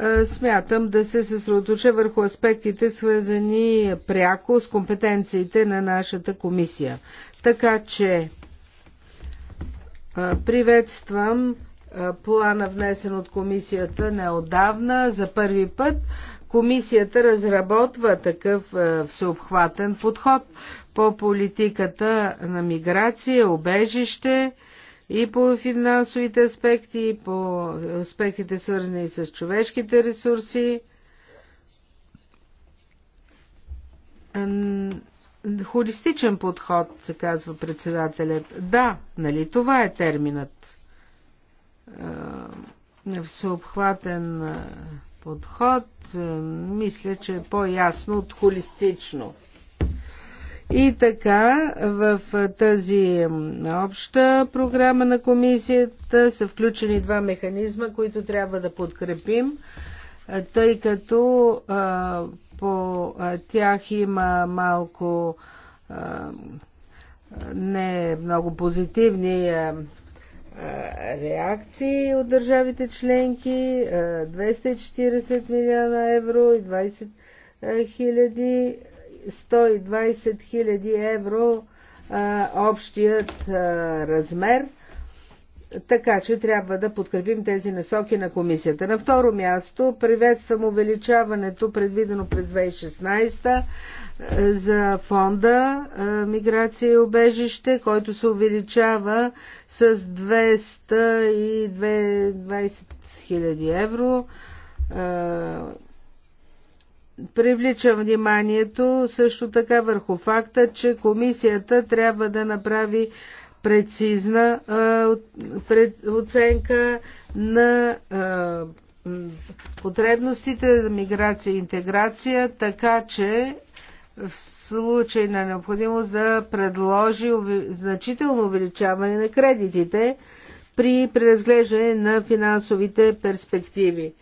Е, смятам да се съсредоточа върху аспектите, свързани пряко с компетенциите на нашата комисия. Така че е, приветствам е, плана внесен от комисията неодавна. За първи път комисията разработва такъв всеобхватен подход по политиката на миграция, обежище, и по финансовите аспекти, и по аспектите свързани с човешките ресурси. Холистичен подход, се казва председателят. Да, нали това е терминът. Всеобхватен подход, мисля, че е по-ясно от холистично. И така, в тази обща програма на комисията са включени два механизма, които трябва да подкрепим, тъй като по тях има малко не много позитивни реакции от държавите членки 240 милиона евро и 20 хиляди 120 000 евро а, общият а, размер, така че трябва да подкрепим тези насоки на комисията. На второ място приветствам увеличаването, предвидено през 2016 за фонда а, Миграция и обежище, който се увеличава с 220 000 евро Привлича вниманието също така върху факта, че комисията трябва да направи прецизна оценка на потребностите за миграция и интеграция, така че в случай на необходимост да предложи значително увеличаване на кредитите при преразглеждане на финансовите перспективи.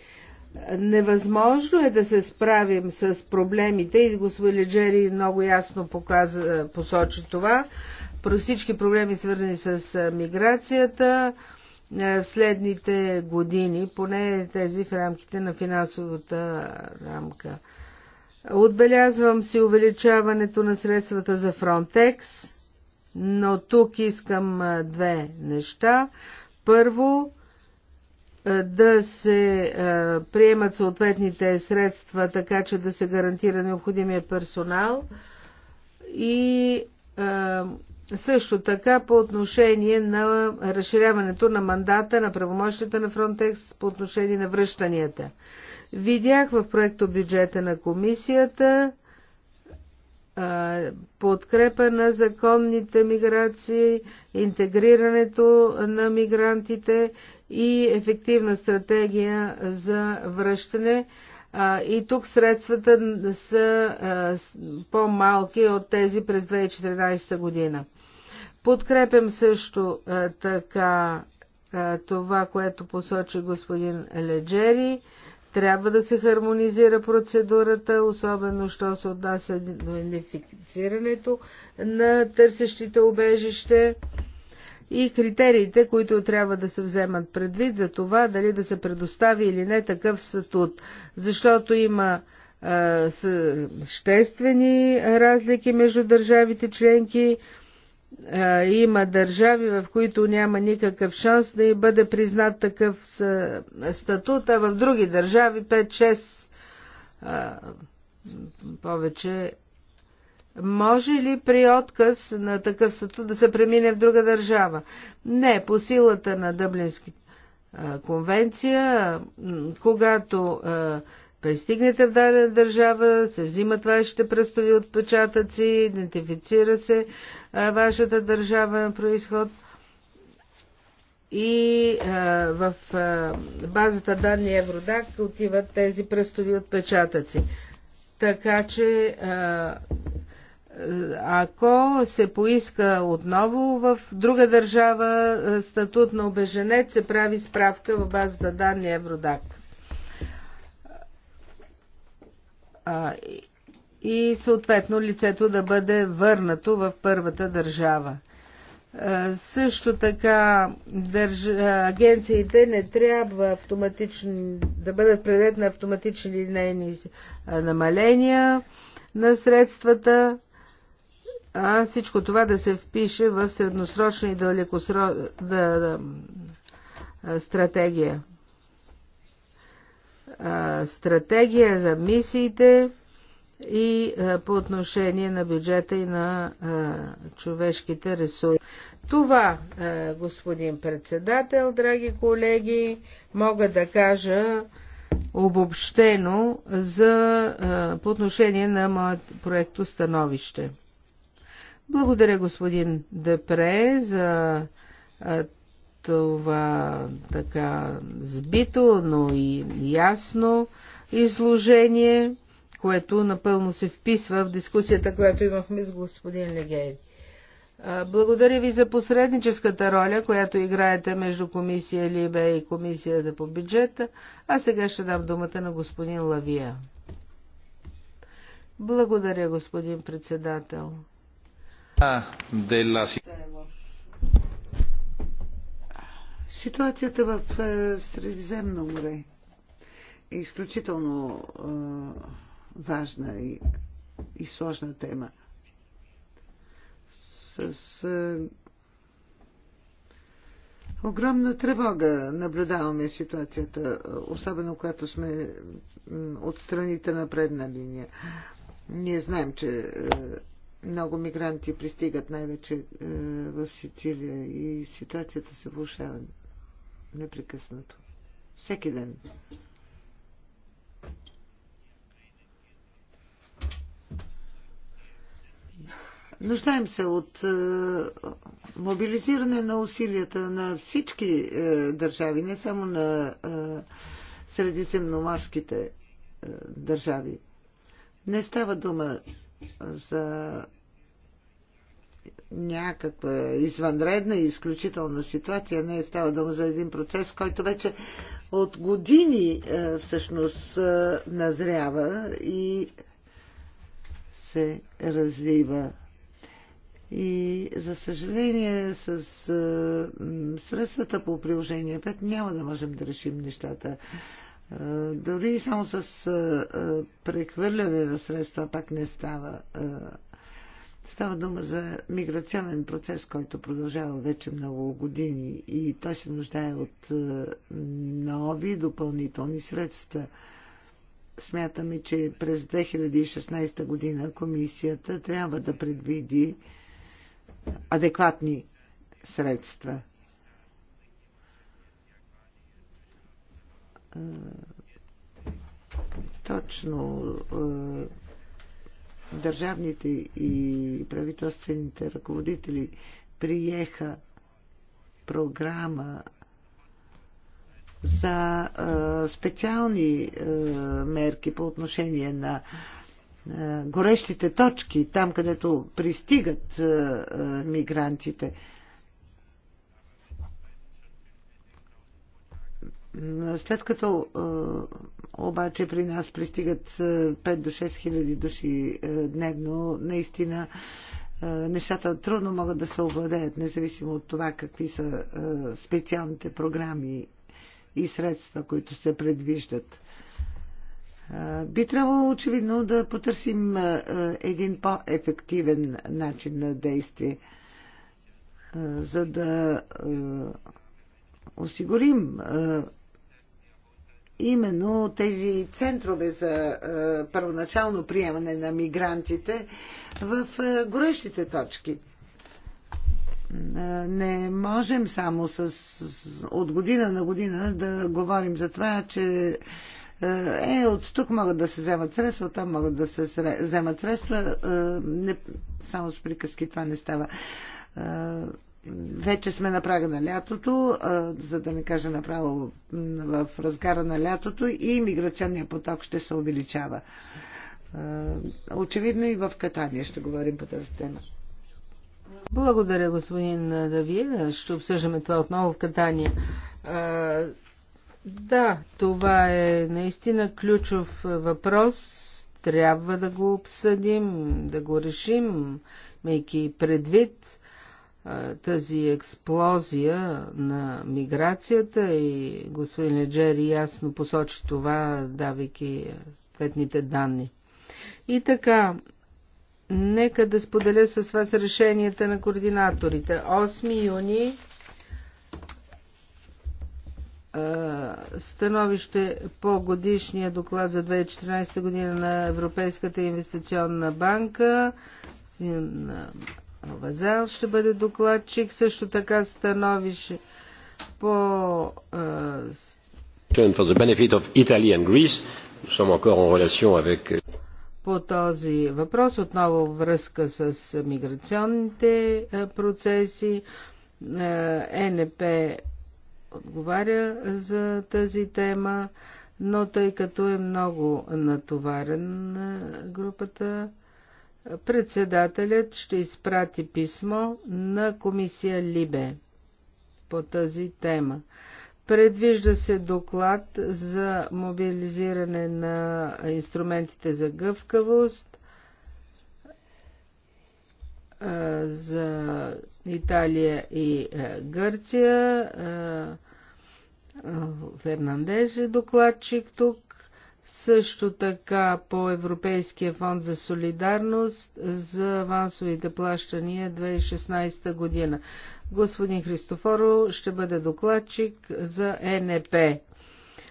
Невъзможно е да се справим с проблемите и господин Леджери много ясно показа, посочи това. Про всички проблеми свързани с миграцията в следните години, поне тези в рамките на финансовата рамка. Отбелязвам си увеличаването на средствата за Frontex, но тук искам две неща. Първо, е, да се е, приемат съответните средства, така че да се гарантира необходимия персонал и е, също така по отношение на разширяването на мандата на правомощите на Фронтекс по отношение на връщанията. Видях в проекто бюджета на комисията подкрепа на законните миграции, интегрирането на мигрантите и ефективна стратегия за връщане. И тук средствата са по-малки от тези през 2014 година. Подкрепям също така това, което посочи господин Леджери трябва да се хармонизира процедурата, особено що се отнася до идентифицирането на търсещите обежище и критериите, които трябва да се вземат предвид за това дали да се предостави или не такъв статут, защото има съществени разлики между държавите членки има държави, в които няма никакъв шанс да й бъде признат такъв статут, а в други държави 5-6 повече. Може ли при отказ на такъв статут да се премине в друга държава? Не, по силата на Дъблинската конвенция, когато пристигнете в дадена държава, се взимат вашите пръстови отпечатъци, идентифицира се а, вашата държава на происход и а, в а, базата данни Евродак отиват тези пръстови отпечатъци. Така че а, ако се поиска отново в друга държава статут на обеженец, се прави справка в базата данни Евродак. и съответно лицето да бъде върнато в първата държава. Също така държ... агенциите не трябва автоматично да бъдат предмет на автоматични линейни намаления на средствата, а всичко това да се впише в средносрочна и далекосрочна да... стратегия стратегия за мисиите и по отношение на бюджета и на човешките ресурси. Това, господин председател, драги колеги, мога да кажа обобщено за, по отношение на моят проекто становище. Благодаря господин Депре за това така сбито, но и ясно изложение, което напълно се вписва в дискусията, която имахме с господин Легей. Благодаря ви за посредническата роля, която играете между комисия Либе и комисията по бюджета, а сега ще дам думата на господин Лавия. Благодаря, господин председател. Ситуацията в е, Средиземно море е изключително е, важна и, и сложна тема. С е, огромна тревога наблюдаваме ситуацията, особено когато сме от страните на предна линия. Ние знаем, че много мигранти пристигат най-вече в Сицилия и ситуацията се влушава непрекъснато. Всеки ден. Нуждаем се от е, мобилизиране на усилията на всички е, държави, не само на е, средиземноморските е, държави. Не става дума за някаква извънредна и изключителна ситуация. Не е става дума за един процес, който вече от години е, всъщност е, назрява и се развива. И за съжаление с е, средствата по приложение 5 няма да можем да решим нещата. дори само с прехвърляне на средства пак не става. Става дума за миграционен процес, който продължава вече много години и той се нуждае от е, нови допълнителни средства. Смятаме, че през 2016 година комисията трябва да предвиди адекватни средства. Е, точно е, държавните и правителствените ръководители приеха програма за а, специални а, мерки по отношение на а, горещите точки, там където пристигат а, а, мигрантите. А, След като е, обаче при нас пристигат 5 е, до 6 хиляди души е, дневно, наистина нещата трудно могат да се овладеят, независимо от това какви са специалните програми и средства, които се предвиждат. Би трябвало очевидно да потърсим един по-ефективен начин на действие, за да осигурим именно тези центрове за е, първоначално приемане на мигрантите в е, горещите точки. Е, не можем само с, от година на година да говорим за това, че е, от тук могат да се вземат средства, там могат да се вземат средства. Не, само с приказки това не става вече сме на прага на лятото, за да не кажа направо в разгара на лятото и миграционния поток ще се увеличава. Очевидно и в Катания ще говорим по тази тема. Благодаря, господин Давид. Ще обсъждаме това отново в Катания. Да, това е наистина ключов въпрос. Трябва да го обсъдим, да го решим, мейки предвид тази експлозия на миграцията и господин Леджери ясно посочи това, давайки съответните данни. И така, нека да споделя с вас решенията на координаторите. 8 юни становище по годишния доклад за 2014 година на Европейската инвестиционна банка Новазел ще бъде докладчик, също така становише по for the benefit of Italy and Greece. Nous sommes encore en relation avec euh, по този въпрос, отново връзка с миграционните процеси. ЕНП отговаря за тази тема, но тъй като е много натоварен групата, Председателят ще изпрати писмо на комисия Либе по тази тема. Предвижда се доклад за мобилизиране на инструментите за гъвкавост за Италия и Гърция. Фернандеж е докладчик тук също така по Европейския фонд за солидарност за авансовите плащания 2016 година. Господин Христофоро ще бъде докладчик за е НП.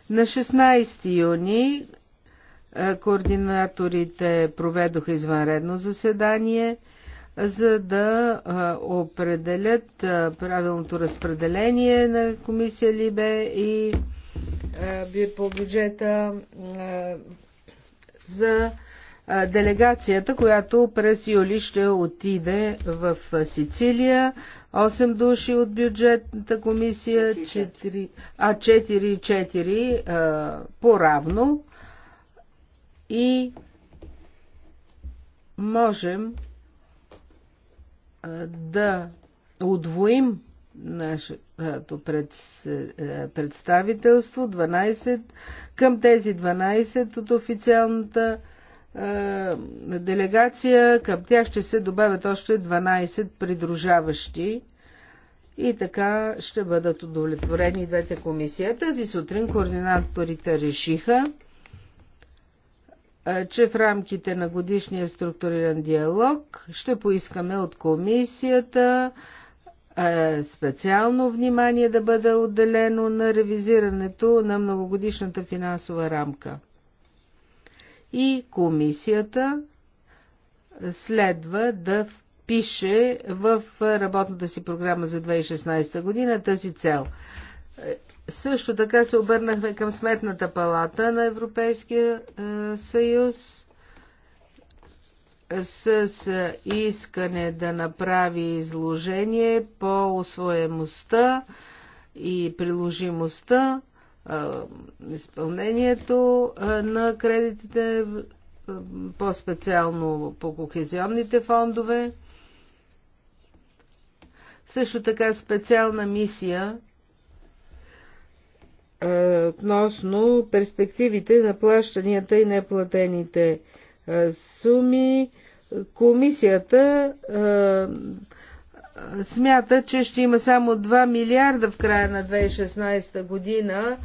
На 16 юни е, координаторите проведоха извънредно заседание, за да е, определят правилното разпределение на комисия Либе и по бюджета за делегацията, която през юли ще отиде в Сицилия. 8 души от бюджетната комисия, 4, а 4-4 по-равно. И можем да удвоим нашето е, представителство, 12, към тези 12 от официалната е, делегация, към тях ще се добавят още 12 придружаващи и така ще бъдат удовлетворени двете комисии. Тази сутрин координаторите решиха, е, че в рамките на годишния структуриран диалог ще поискаме от комисията е, специално внимание да бъде отделено на ревизирането на многогодишната финансова рамка. И комисията следва да впише в работната си програма за 2016 година тази цел. Е, също така се обърнахме към Сметната палата на Европейския е, съюз с искане да направи изложение по освоемостта и приложимостта, изпълнението на кредитите, по-специално по кохезионните фондове. Също така специална мисия относно перспективите на плащанията и неплатените е, суми. Комисията е, смята, че ще има само 2 милиарда в края на 2016 година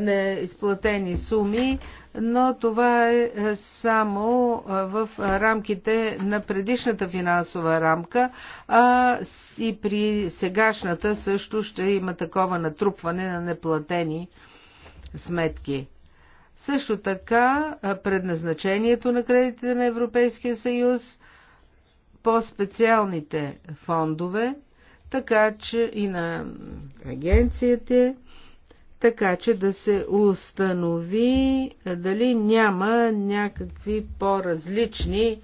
неизплатени суми, но това е, е само в рамките на предишната финансова рамка, а и при сегашната също ще има такова натрупване на неплатени сметки. Също така предназначението на кредитите на Европейския съюз по специалните фондове, така че и на агенциите, така че да се установи дали няма някакви по-различни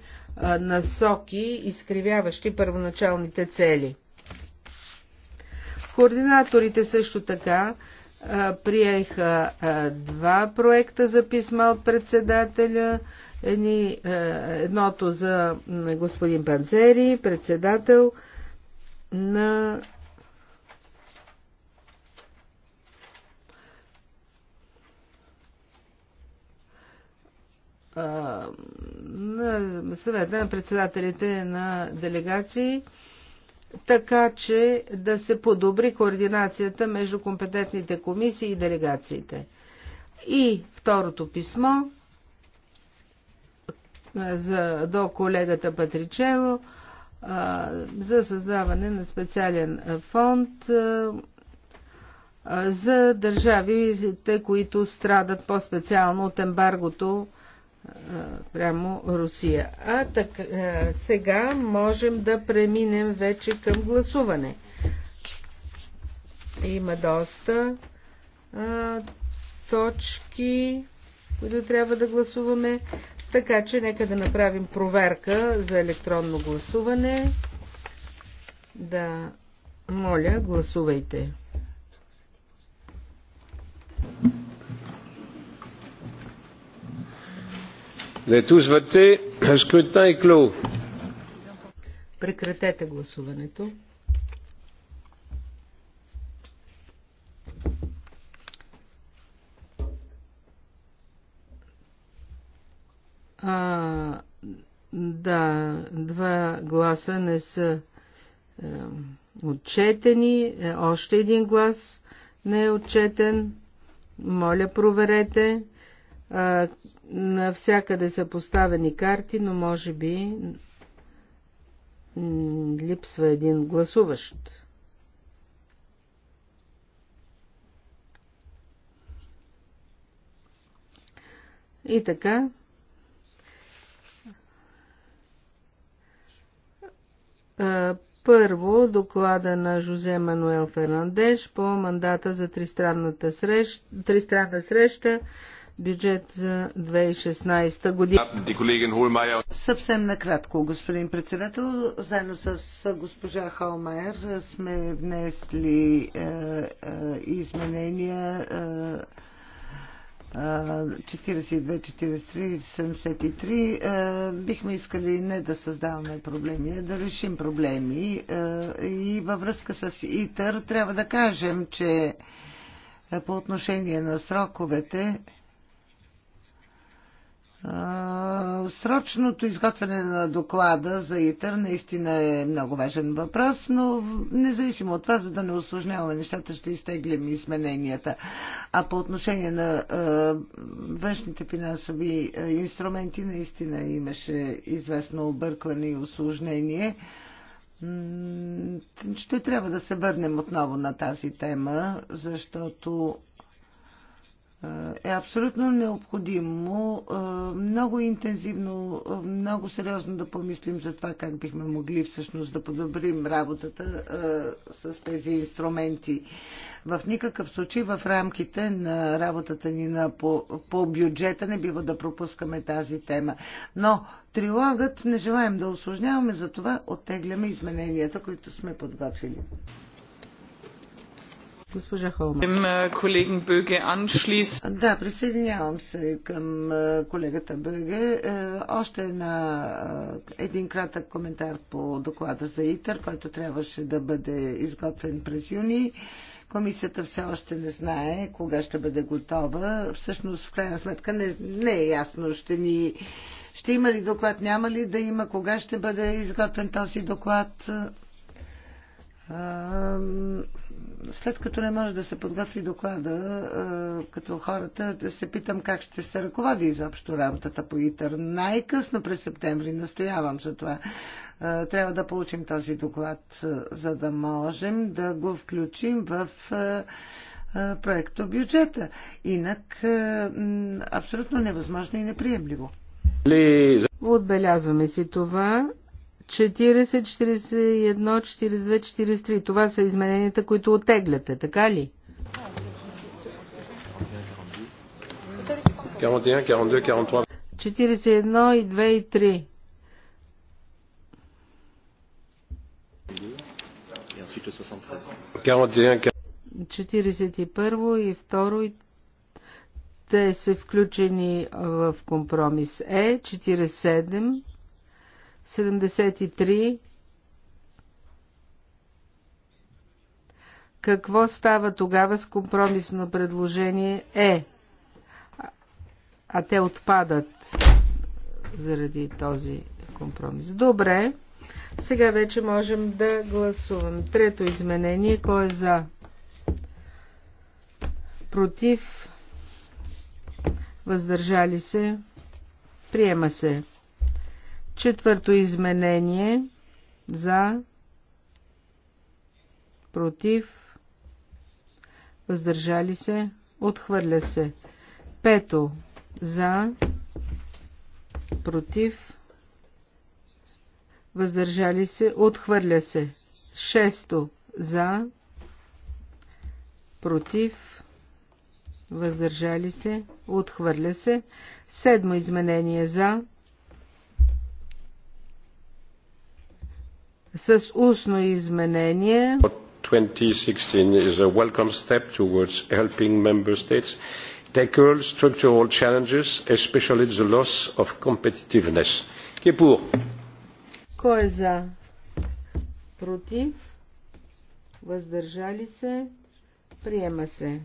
насоки, изкривяващи първоначалните цели. Координаторите също така приеха два проекта за писма от председателя. Едни, едното за господин Панцери, председател на на съвета на председателите на делегации така че да се подобри координацията между компетентните комисии и делегациите. И второто писмо за, до колегата Патричело а, за създаване на специален фонд а, за държавите, които страдат по-специално от ембаргото прямо Русия. А така, е, сега можем да преминем вече към гласуване. Има доста а, точки, които трябва да гласуваме. Така че нека да направим проверка за електронно гласуване. Да, моля, гласувайте. Vous avez tous voté. Le scrutin est clos. Прекратете гласуването. А, да, два гласа не са е, отчетени, е, още един глас не е отчетен. Моля, проверете. А, навсякъде са поставени карти, но може би липсва един гласуващ. И така. Първо, доклада на Жозе Мануел Фернандеш по мандата за тристранната среща, тристранна среща бюджет за 2016 година. Съвсем накратко, господин председател, заедно с госпожа Холмайер сме внесли е, е, изменения е, 42-43-73. Е, е, бихме искали не да създаваме проблеми, а да решим проблеми. Е, и във връзка с ИТР, трябва да кажем, че по отношение на сроковете, Срочното изготвяне на доклада за ИТър наистина е много важен въпрос, но независимо от това, за да не осложняваме нещата, ще изтеглим измененията. А по отношение на външните финансови инструменти, наистина имаше известно объркване и осложнение. Ще трябва да се върнем отново на тази тема, защото е абсолютно необходимо е, много интензивно, е, много сериозно да помислим за това как бихме могли всъщност да подобрим работата е, с тези инструменти. В никакъв случай в рамките на работата ни на, по, по бюджета не бива да пропускаме тази тема. Но трилогът не желаем да осложняваме, затова оттегляме измененията, които сме подготвили. Госпожа äh, Да, присъединявам се към колегата Бъге. Още една, един кратък коментар по доклада за ИТър, който трябваше да бъде изготвен през юни. Комисията все още не знае кога ще бъде готова. Всъщност, в крайна сметка, не, не е ясно. Ще ни ще има ли доклад, няма ли да има, кога ще бъде изготвен този доклад след като не може да се подготви доклада, като хората, да се питам как ще се ръководи изобщо работата по ИТър. Най-късно през септември, настоявам за това, трябва да получим този доклад, за да можем да го включим в проекто бюджета. Инак абсолютно невъзможно и неприемливо. Отбелязваме си това. 40, 41, 42, 43. Това са измененията, които отегляте, така ли? 41, и 2 и 3. 41 и 2 и те са включени в компромис Е, 47 73. Какво става тогава с компромисно предложение Е? А те отпадат заради този компромис. Добре. Сега вече можем да гласуваме. Трето изменение. Кой е за? Против? Въздържали се? Приема се. Четвърто изменение за, против, въздържали се, отхвърля се. Пето за, против, въздържали се, отхвърля се. Шесто за, против, въздържали се, отхвърля се. Седмо изменение за, с устно изменение. 2016 is a welcome step towards helping member states tackle structural challenges, especially the loss of competitiveness. Qui est pour? Кой е за? Против? Въздържали се? Приема се.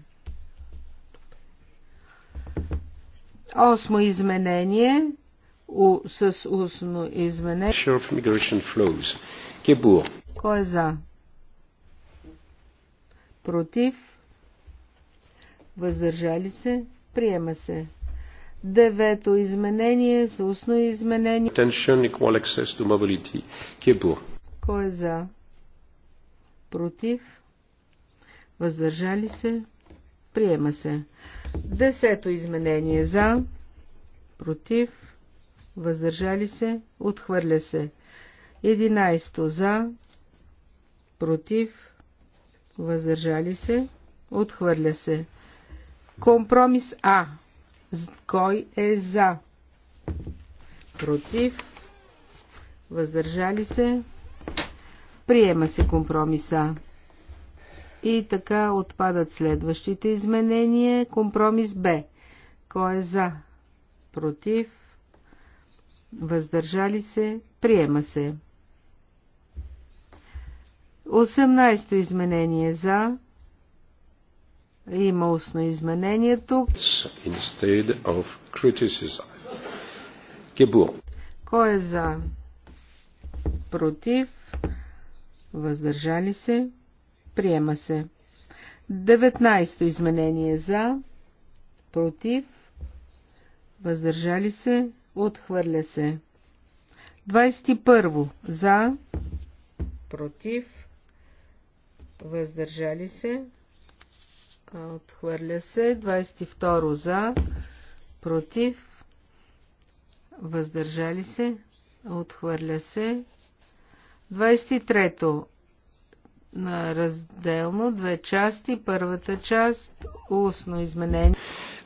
Осмо изменение у, с устно изменение. Sure of migration flows. Кебур. Кой е за? Против? Въздържали се? Приема се. Девето изменение с устно изменение. Attention equal access to mobility. Кебур. Кой е за? Против? Въздържали се? Приема се. Десето изменение за, против, въздържали се, отхвърля се. 11 за, против, въздържали се, отхвърля се. Компромис А. Кой е за? Против, въздържали се, приема се компромиса. И така отпадат следващите изменения. Компромис Б. Кой е за? Против, въздържали се, приема се. 18-то изменение за. Има устно изменение тук. Instead of criticism. Gebur. Кой е за? Против. Въздържали се. Приема се. 19-то изменение за. Против. Въздържали се. Отхвърля се. 21 за. Против въздържали се, отхвърля се, 22 за, против, въздържали се, отхвърля се, 23 на разделно, две части, първата част, устно изменение.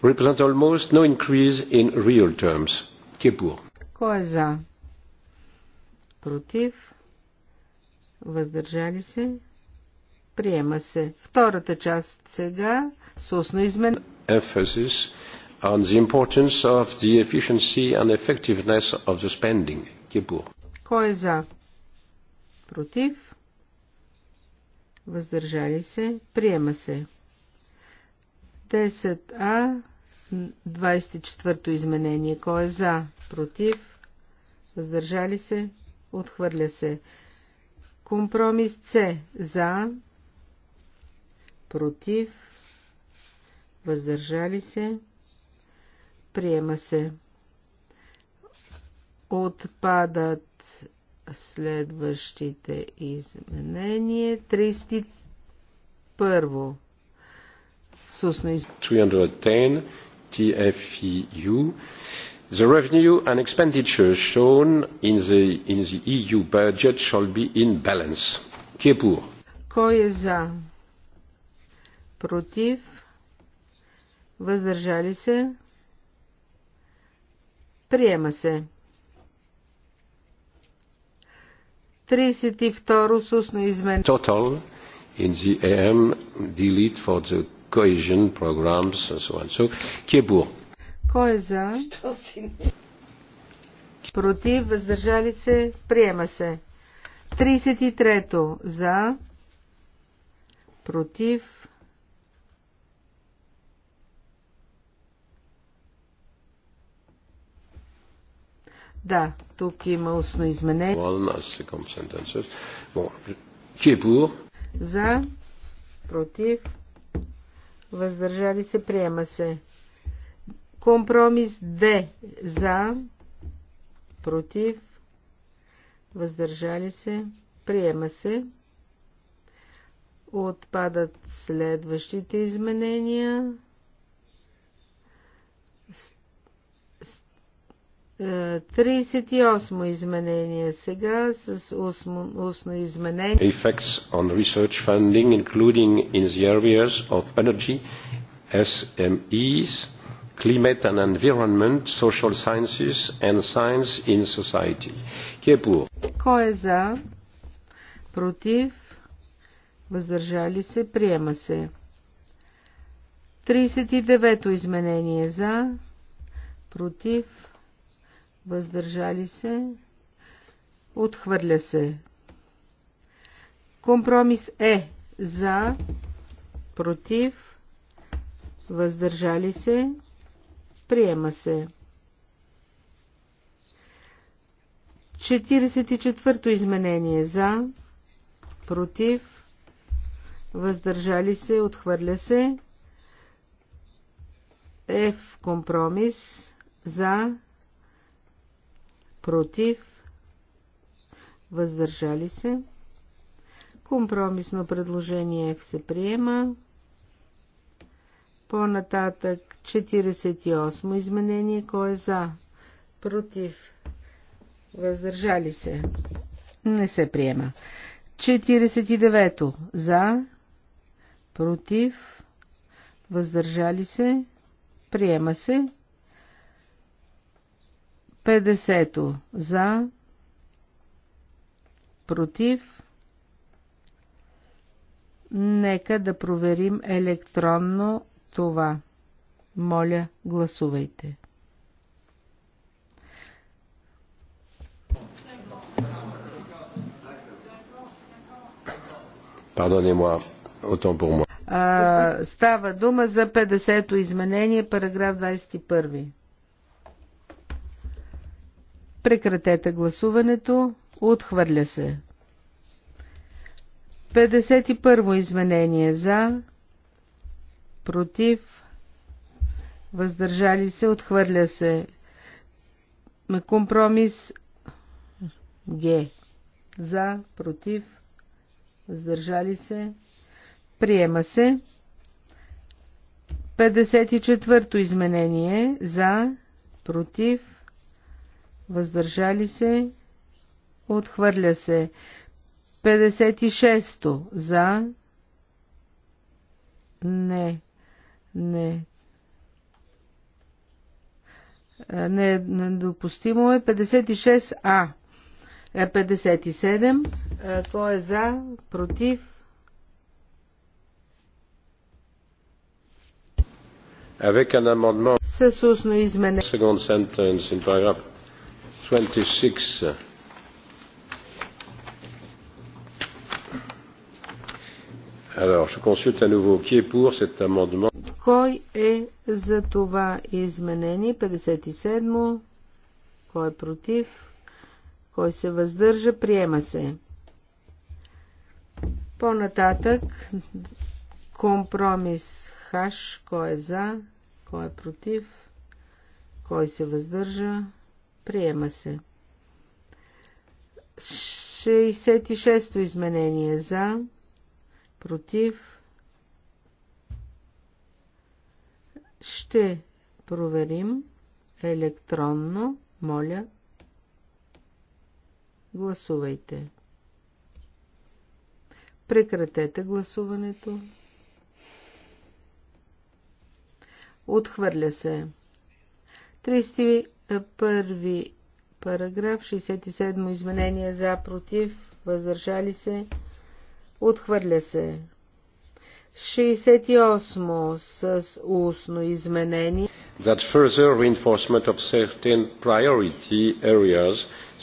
Represent almost no increase in real terms. Кипур. Кой е за? Против? Въздържали се? Приема се. Втората част сега с устно измен. Emphasis on the importance of the efficiency and effectiveness of the spending. Кипур. Кой е за? Против? Въздържали се? Приема се. 10а, 24-то изменение. Кой е за? Против? Въздържали се? Отхвърля се. Компромис С. За? против, въздържали се, приема се. Отпадат следващите изменения. 31. Сусно из... 310 TFEU. The revenue and expenditure shown in the, in the EU budget shall be in balance. Qui est pour? Кой е за? против, въздържали се, приема се. 32 ро сусно изменение. Total in the AM delete for the cohesion programs and so on. So, qui est pour? Кой е за? Против, въздържали се, приема се. 33 за, против, Да, тук има устно изменение. За, против, въздържали се, приема се. Компромис Д. За, против, въздържали се, приема се. Отпадат следващите изменения. 38 изменение сега с устно, устно изменение. Effects on research funding, including in the areas of energy, SMEs, climate and environment, social sciences and science in society. Qui est pour? Кой е за? Против? Въздържали се? Приема се. 39 изменение за? Против? въздържали се, отхвърля се. Компромис е за, против, въздържали се, приема се. 44-то изменение за, против, въздържали се, отхвърля се. в компромис за, против, въздържали се. Компромисно предложение F се приема. По-нататък 48 изменение. Кой е за? Против. Въздържали се. Не се приема. 49 за. Против. Въздържали се. Приема се. 50 за, против. Нека да проверим електронно това. Моля, гласувайте. А, става дума за 50-то изменение, параграф 21. Прекратете гласуването. Отхвърля се. 51 изменение за, против, въздържали се, отхвърля се. Компромис Г. За, против, въздържали се, приема се. 54-то изменение за, против, въздържали се, отхвърля се. 56-то за, не, не, е, не, недопустимо е 56А. 57. Е, е, кой е за? Против? Avec un amendement. С устно изменение. 26. Alors, je consulte à nouveau qui est pour cet amendement. Кой е за това изменение? 57. Кой е против? Кой се въздържа? Приема се. По-нататък компромис хаш. Кой е за? Кой е против? Кой се въздържа? Приема се. 66-то изменение за, против. Ще проверим електронно. Моля, гласувайте. Прекратете гласуването. Отхвърля се. Първи параграф, 67 изменение за, против, въздържали се, отхвърля се. 68 с устно изменение. That further reinforcement of certain priority areas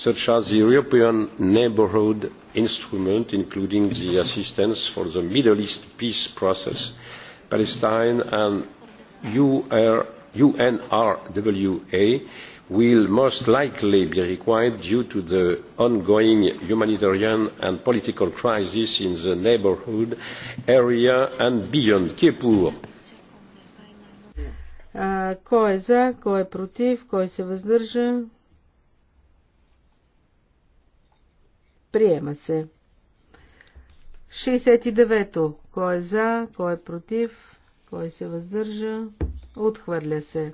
such as the European neighborhood instrument including the assistance for the Middle East peace process, Palestine and UR, UNRWA will most likely be required due to the ongoing humanitarian and political crisis in the neighbourhood area and beyond. Qui est pour? А, кой е за, кой е против, кой се въздържа? Приема се. 69-то. Кой е за, кой е против, кой се въздържа? Отхвърля се.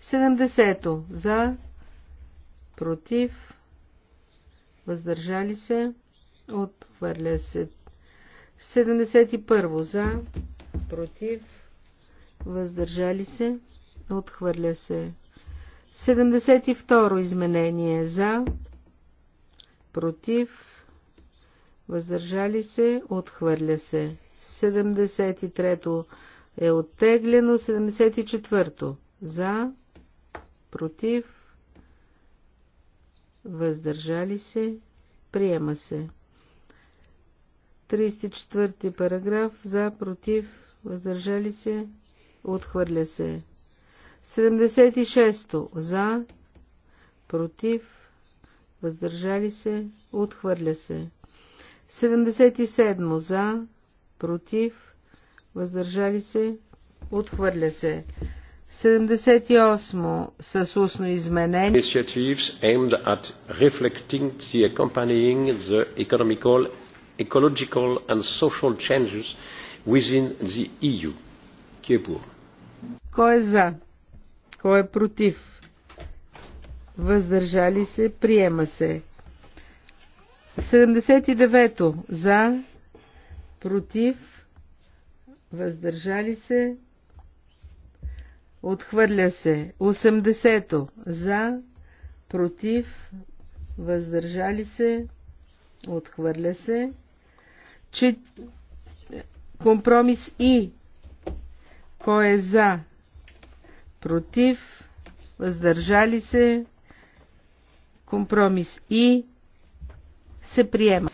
70 за, против, въздържали се, отхвърля се. 71 за, против, въздържали се, отхвърля се. 72 изменение за, против, въздържали се, отхвърля се. 73 е оттеглено, 74 за, против, въздържали се, приема се. 34 параграф за, против, въздържали се, отхвърля се. 76 за, против, въздържали се, отхвърля се. 77 за, против, въздържали се, отхвърля се. 78 с устно изменение. Initiatives aimed at reflecting the accompanying the economical, ecological and social changes within the EU. Кой е pour? Кой е за? Кой е против? Въздържали се, приема се. 79 за, против, въздържали се, Отхвърля се. 80-то. За. Против. Въздържали се. Отхвърля се. Че... Компромис И. Кой е за? Против. Въздържали се. Компромис И се приема.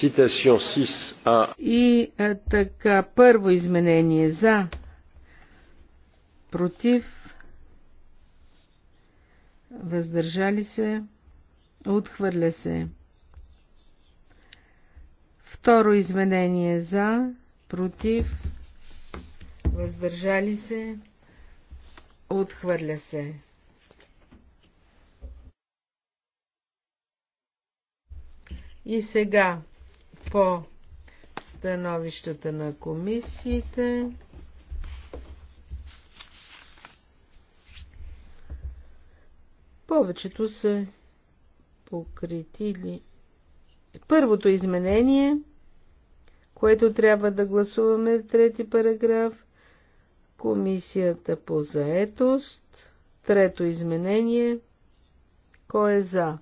Citation 6a. И а, е, така, първо изменение за, против, въздържали се, отхвърля се. Второ изменение за, против, въздържали се, отхвърля се. И сега по становищата на комисиите. Повечето са покритили. Първото изменение, което трябва да гласуваме в трети параграф, комисията по заетост. Трето изменение. Кой е за?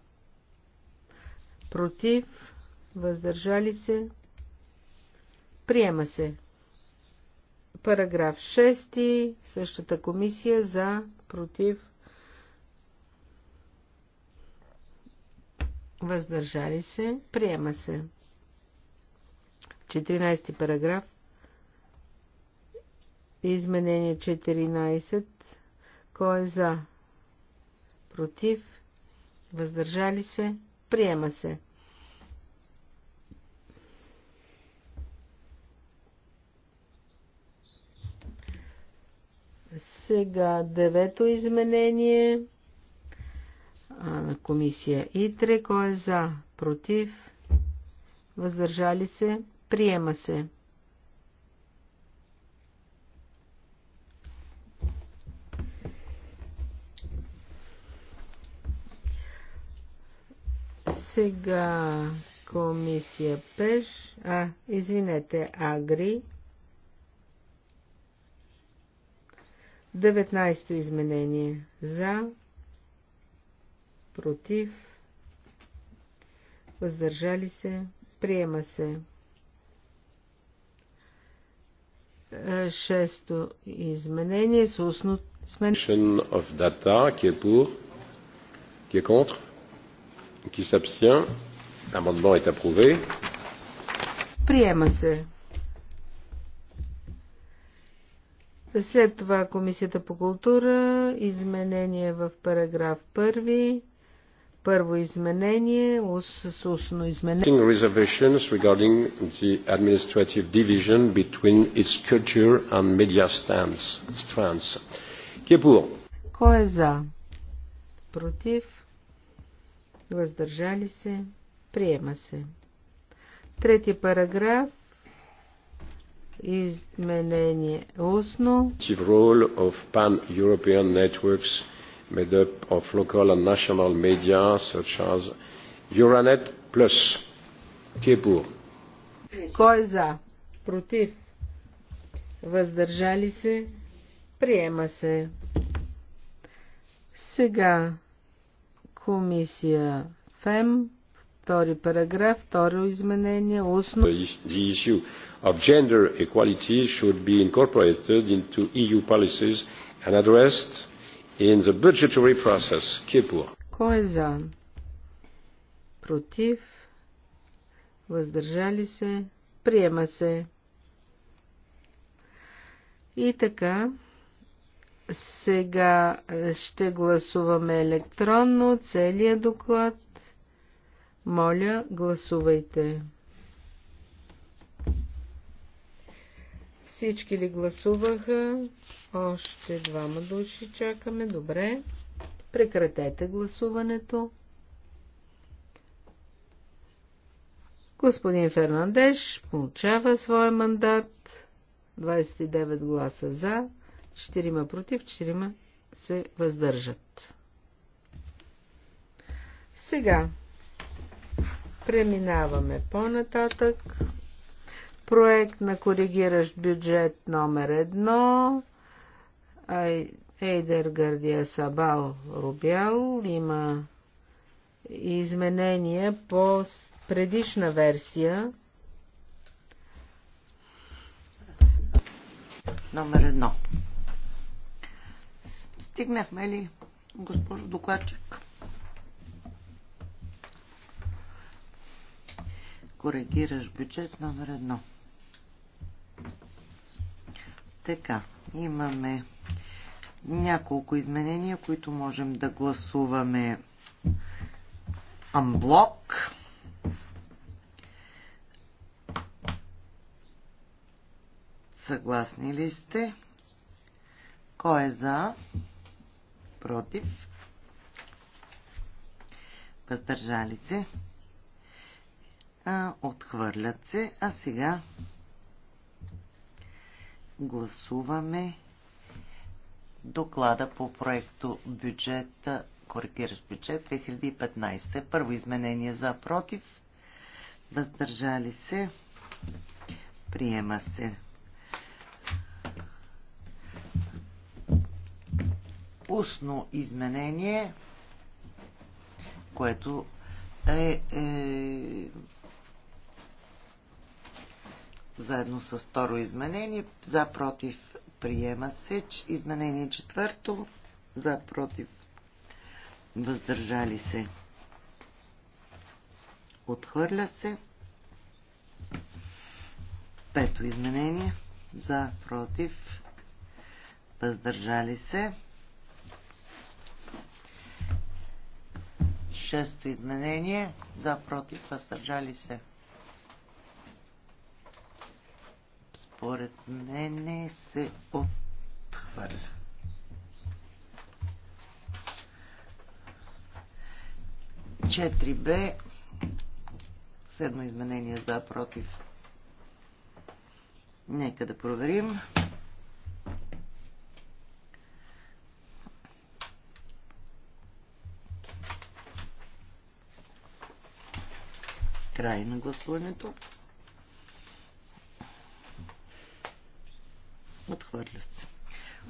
Против? въздържали се, приема се. Параграф 6, същата комисия за, против, въздържали се, приема се. 14 параграф, изменение 14, кой е за, против, въздържали се, приема се. Сега девето изменение на комисия ИТРЕ. Кой е за? Против? Въздържали се? Приема се. Сега комисия ПЕШ, а, извинете, Агри, 19 изменение за, против, въздържали се, приема се. Е, шесто изменение с устно изменение. of data, qui est pour, qui est contre, qui s'abstient. L'amendement est approuvé. Приема се. След това Комисията по култура, изменение в параграф 1, първо изменение, с устно изменение. Кой е за? Против? Въздържали се? Приема се. Трети параграф Изменение устно. The Role of pan-European networks made up of local and national media such as Euronet Plus. Кепур. Кой за? Против? Въздържали се? Приема се. Сега комисия ФЕМ. Втори параграф, второ изменение, устно. The issue of gender equality should be incorporated into EU policies and addressed in the budgetary process. Кой е за? Против? Въздържали се? Приема се. И така, сега ще гласуваме електронно целият доклад. Моля, гласувайте. Всички ли гласуваха? Още двама души чакаме. Добре. Прекратете гласуването. Господин Фернандеш получава своя мандат. 29 гласа за, 4 против, 4 се въздържат. Сега Преминаваме по-нататък. Проект на коригиращ бюджет номер едно. Ейдер Гардия Сабал Рубял има изменения по предишна версия. Номер едно. Стигнахме ли, госпожо докладчик? коригираш бюджет номер едно. Така, имаме няколко изменения, които можем да гласуваме амблок. Съгласни ли сте? Кой е за? Против? Въздържали се? а, отхвърлят се. А сега гласуваме доклада по проекто бюджета, коригираш бюджет 2015. Първо изменение за против, въздържали се, приема се. Устно изменение, което е, е заедно с второ изменение. За, против, приема се. Изменение четвърто. За, против, въздържали се. Отхвърля се. Пето изменение. За, против, въздържали се. Шесто изменение. За, против, въздържали се. според мене се отхвърля. Четири Б. Седмо изменение за против. Нека да проверим. Край на гласуването. Отхвърля се.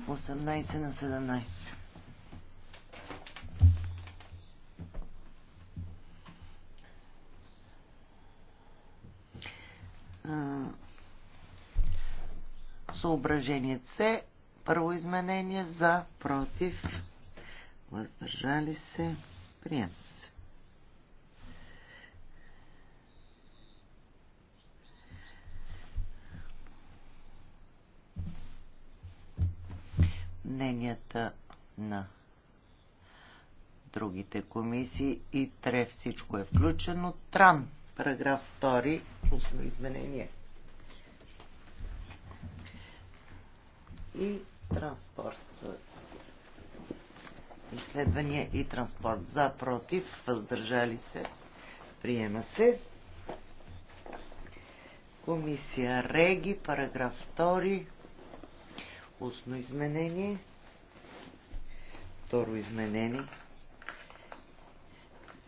18 на 17. Съображение С. Първо изменение за, против, въздържали се, приема се. мненията на другите комисии и тре всичко е включено. Тран, параграф 2, пусно изменение. И транспорт. Изследвания и транспорт. За, против, въздържали се. Приема се. Комисия Реги, параграф 2, Устно изменение. Второ изменение.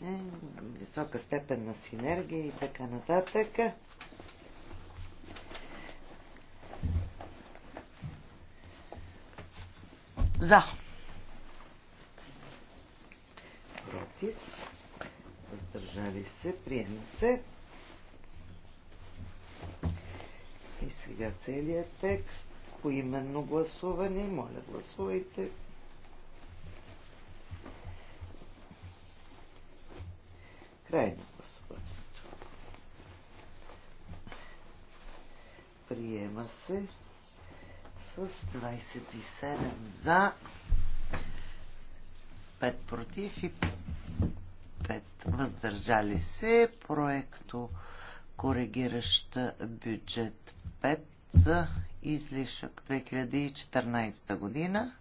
Е, висока степен на синергия и така нататък. За. Против. Въздържали се. Приема се. И сега целият текст поименно гласуване. Моля, гласувайте. Край на гласуването. Приема се с 27 за, 5 против и 5 въздържали се. Проекто коригираща бюджет 5 за излишък 2014 година.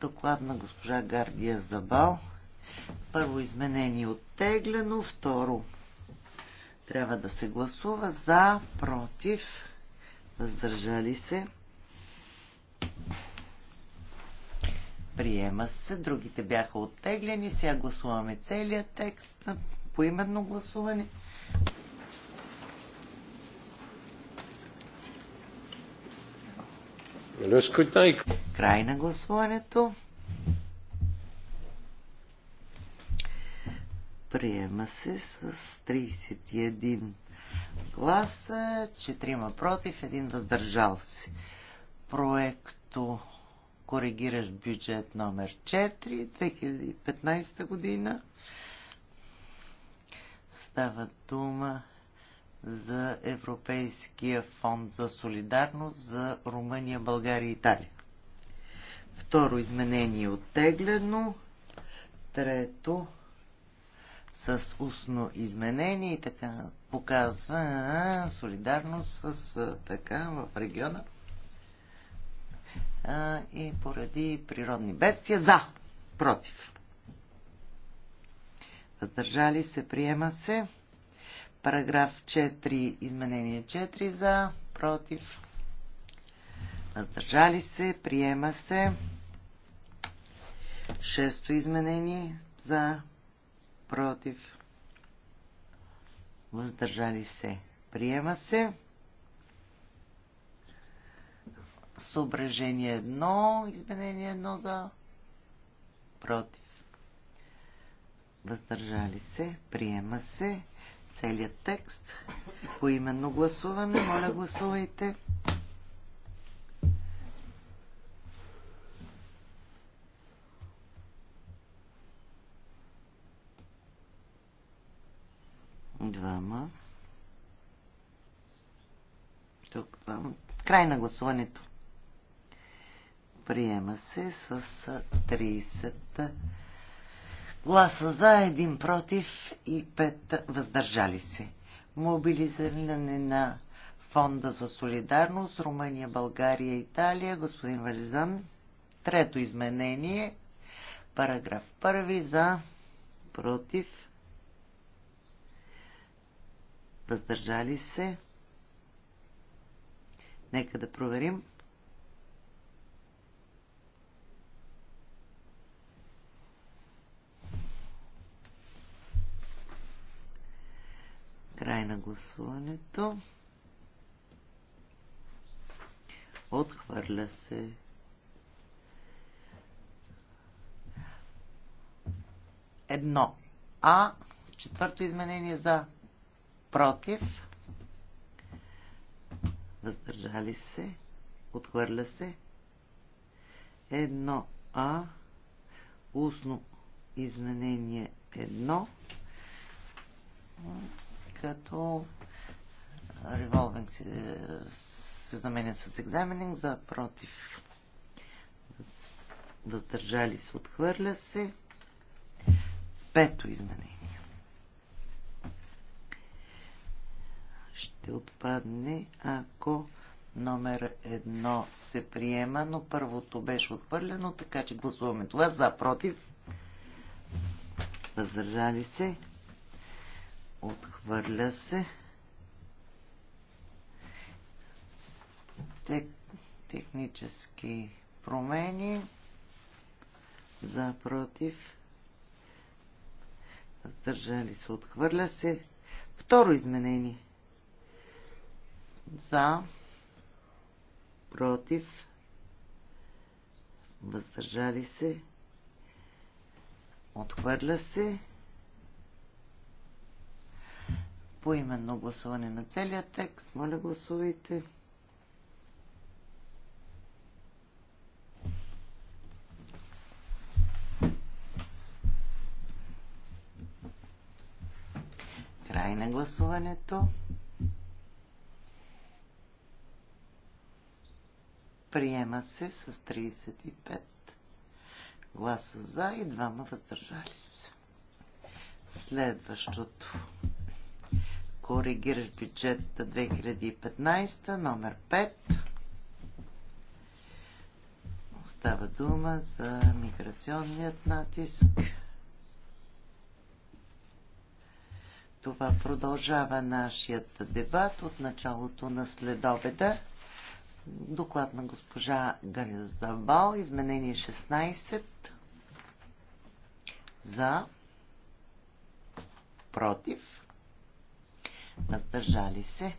Доклад на госпожа Гардия Забал. Първо изменение е оттеглено, второ трябва да се гласува за, против, въздържали се. Приема се, другите бяха оттеглени, сега гласуваме целият текст по именно гласуване. Край на гласуването. Приема се с 31 гласа, 4 против, 1 въздържал се. Проекто коригираш бюджет номер 4 2015 година. Става дума за Европейския фонд за солидарност за Румъния, България и Италия. Второ изменение е оттеглено. Трето с устно изменение и така показва а, солидарност с а, така в региона а, и поради природни бедствия за, против. Въздържали се, приема се. Параграф 4, изменение 4 за, против, въздържали се, приема се. Шесто изменение за, против, въздържали се, приема се. Съображение 1, изменение 1 за, против, въздържали се, приема се целият текст. По именно гласуване. Моля, гласувайте. Двама. Тук двама. Край на гласуването. Приема се с 30 гласа за, един против и пет въздържали се. Мобилизиране на Фонда за солидарност Румъния, България, Италия. Господин Вализан, трето изменение. Параграф първи за, против, въздържали се. Нека да проверим. Край на гласуването. Отхвърля се. Едно. А. Четвърто изменение за против. Въздържали се. Отхвърля се. Едно. А. Устно изменение едно като револвинг се, се заменя с екзаменинг за против въздържали се, отхвърля се. Пето изменение. Ще отпадне, ако номер едно се приема, но първото беше отхвърлено, така че гласуваме това за, против. Въздържали се. Отхвърля се. Тек, технически промени. За, против. Задържали се. Отхвърля се. Второ изменение. За. Против. Въздържали се. Отхвърля се. поименно гласуване на целия текст. Моля, гласувайте. Край на гласуването. Приема се с 35 гласа за и двама въздържали се. Следващото коригираш бюджет 2015, номер 5. Става дума за миграционният натиск. Това продължава нашият дебат от началото на следобеда. Доклад на госпожа Забал, изменение 16 за против въздържали се,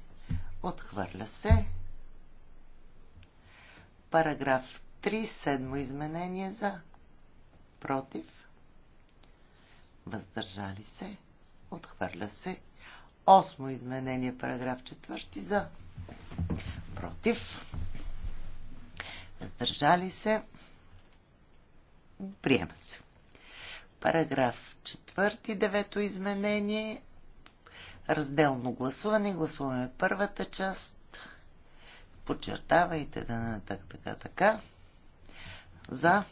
отхвърля се. Параграф 3, седмо изменение за, против, въздържали се, отхвърля се. Осмо изменение, параграф 4 за, против, въздържали се, приема се. Параграф 4, девето изменение разделно гласуване. Гласуваме първата част. Подчертавайте да так, така, така. За,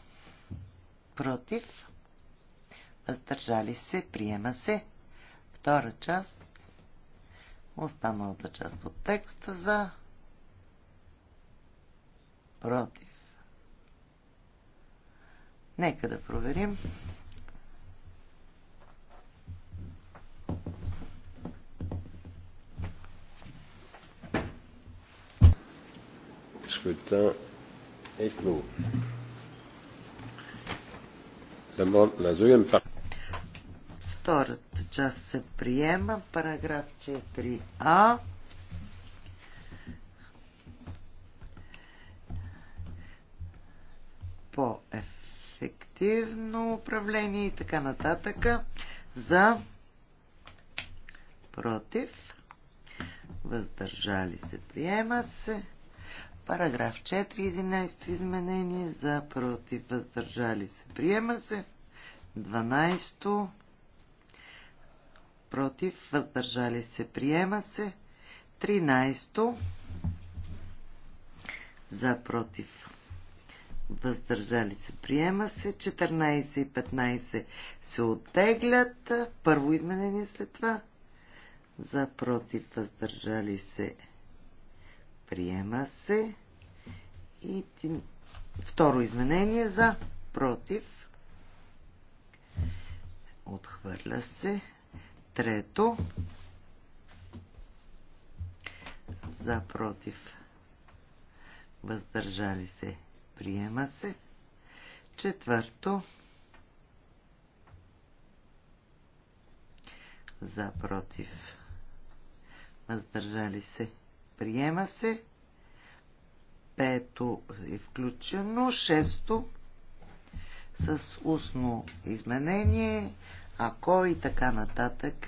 против, въздържали се, приема се. Втора част, останалата част от текста за, против. Нека да проверим. scrutin est clos. La deuxième partie. Втората част се приема. Параграф 4а. По-ефективно управление и така нататък. За против. Въздържали се. Приема се. Параграф 4, 11 изменение за против въздържали се. Приема се. 12 против въздържали се. Приема се. 13 за против въздържали се. Приема се. 14 и 15 се оттеглят. Първо изменение след това. За против въздържали се. Приема се. И второ изменение за против. Отхвърля се. Трето. За против. Въздържали се. Приема се. Четвърто. За против. Въздържали се. Приема се. Пето е включено. Шесто с устно изменение. Ако и така нататък.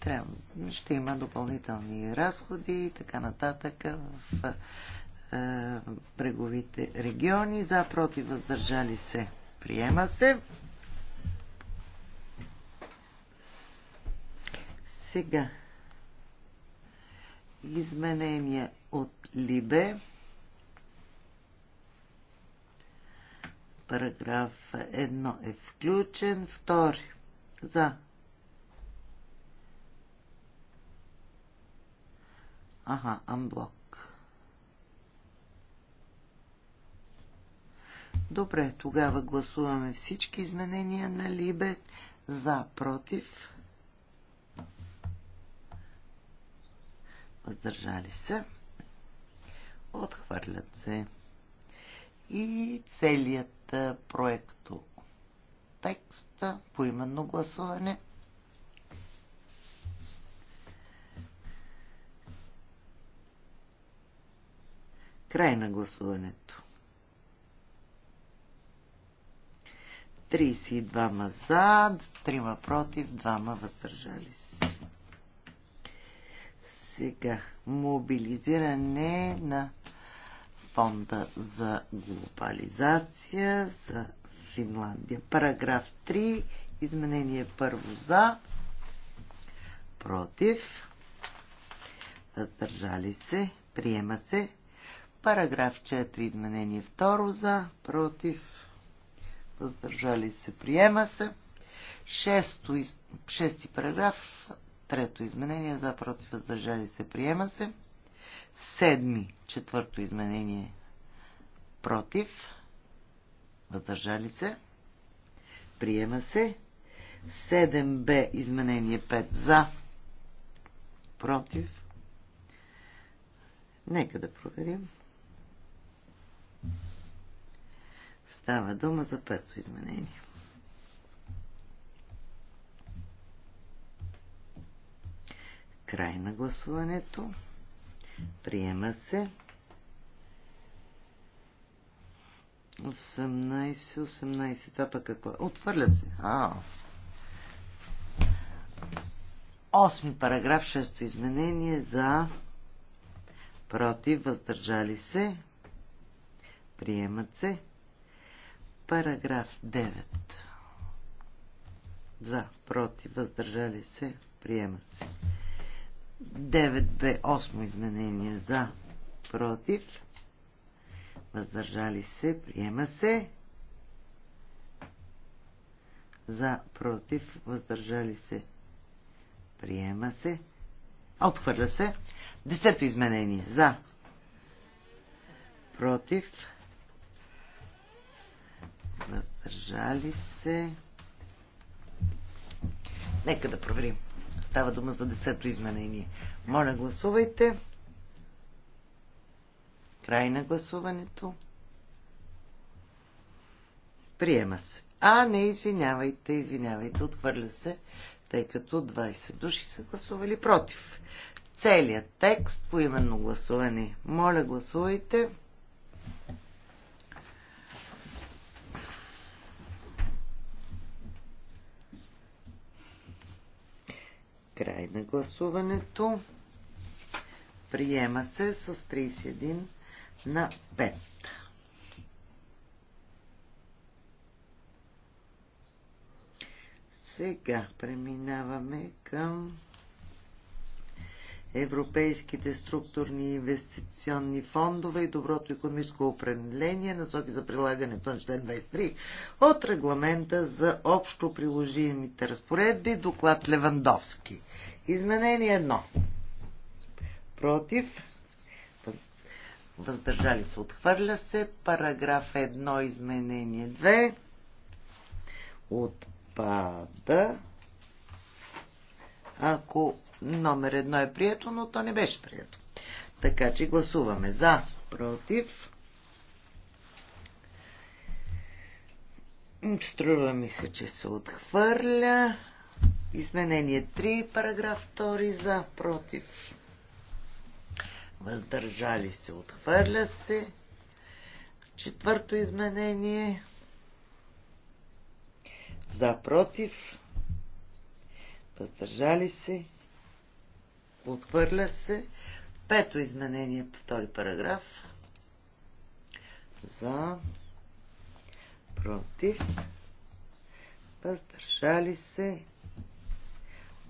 Трябва, ще има допълнителни разходи и така нататък в е, преговите региони. За, против, въздържали се. Приема се. Сега. Изменения от Либе. Параграф 1 е включен. Втори. За. Ага, амблок. Добре, тогава гласуваме всички изменения на Либе за против. въздържали се, отхвърлят се. И целият проекто текста по именно гласуване. Край на гласуването. 32 за, 3 против, 2 въздържали се. Сега, мобилизиране на фонда за глобализация за Финландия. Параграф 3. Изменение първо за. Против. Задържали се. Приема се. Параграф 4. Изменение второ за. Против. задържали се. Приема се. Шесто, шести параграф Трето изменение за против въздържали се приема се. Седми, четвърто изменение против въздържали се приема се. 7Б изменение 5 за против. Нека да проверим. Става дума за пето изменение. Край на гласуването. Приема се. 18, 18, това пък какво? Е? Отвърля се. А. Осми параграф, шесто изменение за против, въздържали се, приемат се. Параграф 9. За, против, въздържали се, приемат се. 9 бе 8 изменение за против. Въздържали се. Приема се. За против. Въздържали се. Приема се. Отхвърля се. Десето изменение. За. Против. Въздържали се. Нека да проверим. Става дума за десето изменение. Моля, гласувайте. Край на гласуването. Приема се. А, не, извинявайте, извинявайте, отхвърля се, тъй като 20 души са гласували против. Целият текст по именно гласуване. Моля, гласувайте. Край на гласуването. Приема се с 31 на 5. Сега преминаваме към европейските структурни инвестиционни фондове и доброто економическо определение, насоки за прилагането на член 23 от регламента за общо приложимите разпоредби, доклад Левандовски. Изменение 1. Против. Въздържали се. Отхвърля се. Параграф 1. Изменение 2. Отпада. Ако номер едно е прието, но то не беше прието. Така че гласуваме за, против. Струва ми се, че се отхвърля. Изменение 3, параграф 2 за, против. Въздържали се, отхвърля се. Четвърто изменение. За, против. Въздържали се. Отхвърля се. Пето изменение по втори параграф. За. Против. Въздържали се.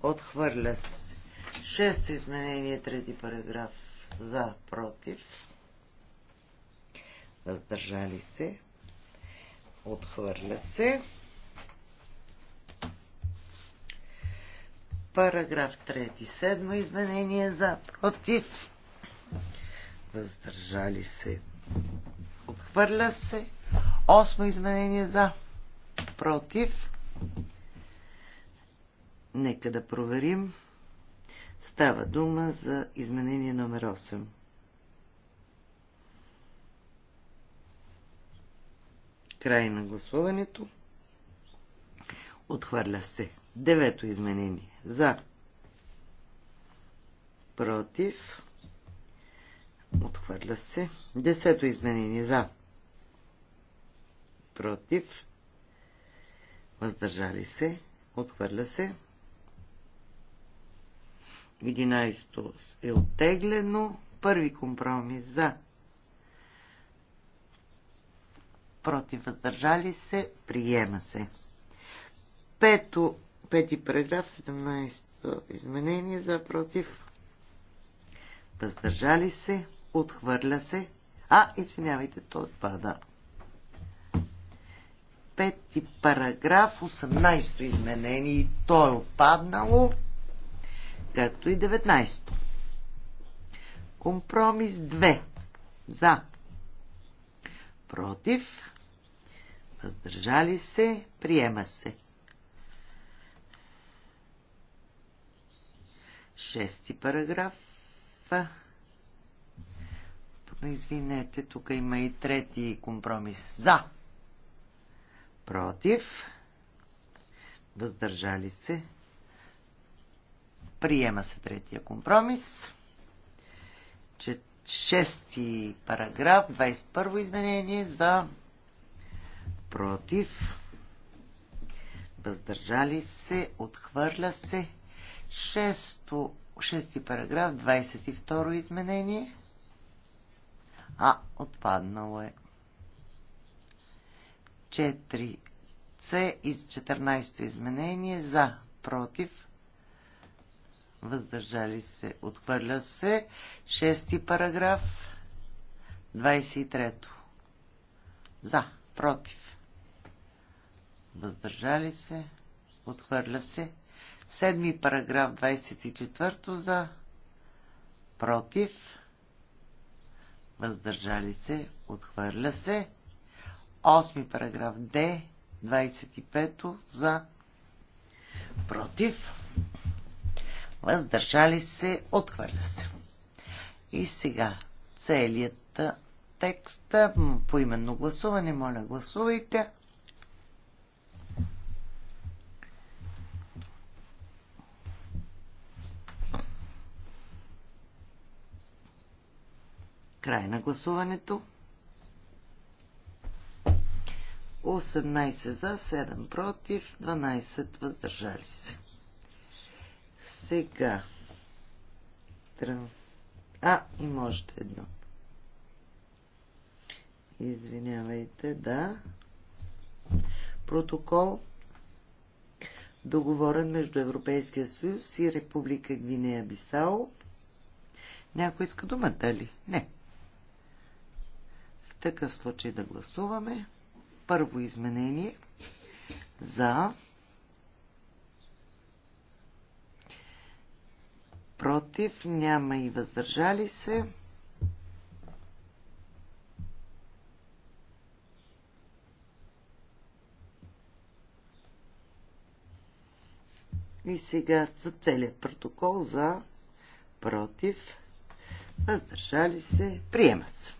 Отхвърля се. Шесто изменение, трети параграф. За. Против. Въздържали се. Отхвърля се. Параграф 3. Седмо изменение за против. Въздържали се. Отхвърля се. Осмо изменение за против. Нека да проверим. Става дума за изменение номер 8. Край на гласуването. Отхвърля се. Девето изменение. За. Против. Отхвърля се. Десето изменение. За. Против. Въздържали се. Отхвърля се. 11 е оттеглено. Първи компромис за. Против въздържали се. Приема се. Пето пети параграф, 17-то изменение за против. Въздържали се, отхвърля се. А, извинявайте, то отпада. Пети параграф, 18-то изменение и то е отпаднало, както и 19-то. Компромис 2. За. Против. Въздържали се. Приема се. шести параграф. Извинете, тук има и трети компромис. За. Против. Въздържали се. Приема се третия компромис. Че шести параграф, 21 изменение за против. Въздържали се, отхвърля се. Шесто, шести параграф, 22 изменение. А, отпаднало е. 4. С из 14 то изменение за, против, въздържали се, отхвърля се. Шести параграф, 23. За, против, въздържали се, отхвърля се. Седми параграф 24 за против въздържали се, отхвърля се. Осми параграф Д 25 за против въздържали се, отхвърля се. И сега целият текст по именно гласуване, моля гласувайте. Край на гласуването. 18 за, 7 против, 12 въздържали се. Сега. А, и още едно. Извинявайте, да. Протокол договорен между Европейския съюз и Република Гвинея Бисао. Някой иска думата ли? Не такъв случай да гласуваме. Първо изменение за против, няма и въздържали се. И сега за целият протокол за против, въздържали се, приема се.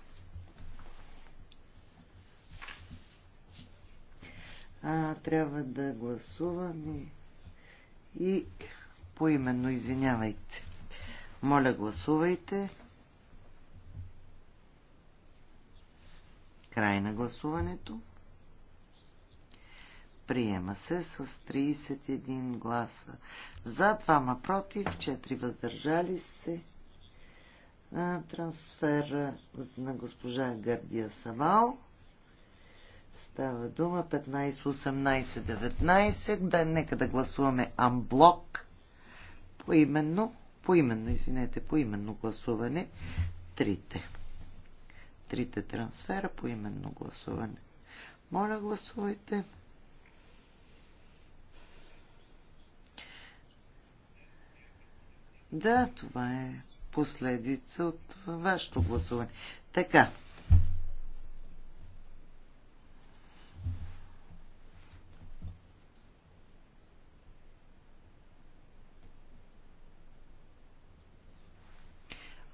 А, трябва да гласуваме и поименно, извинявайте. Моля, гласувайте. Край на гласуването. Приема се с 31 гласа. За двама против, 4 въздържали се. трансфера на госпожа Гардия Савал. Става дума 15, 18, 19. Да, нека да гласуваме амблок. Поименно, поименно, извинете, поименно гласуване. Трите. Трите трансфера, поименно гласуване. Моля, гласувайте. Да, това е последица от вашето гласуване. Така,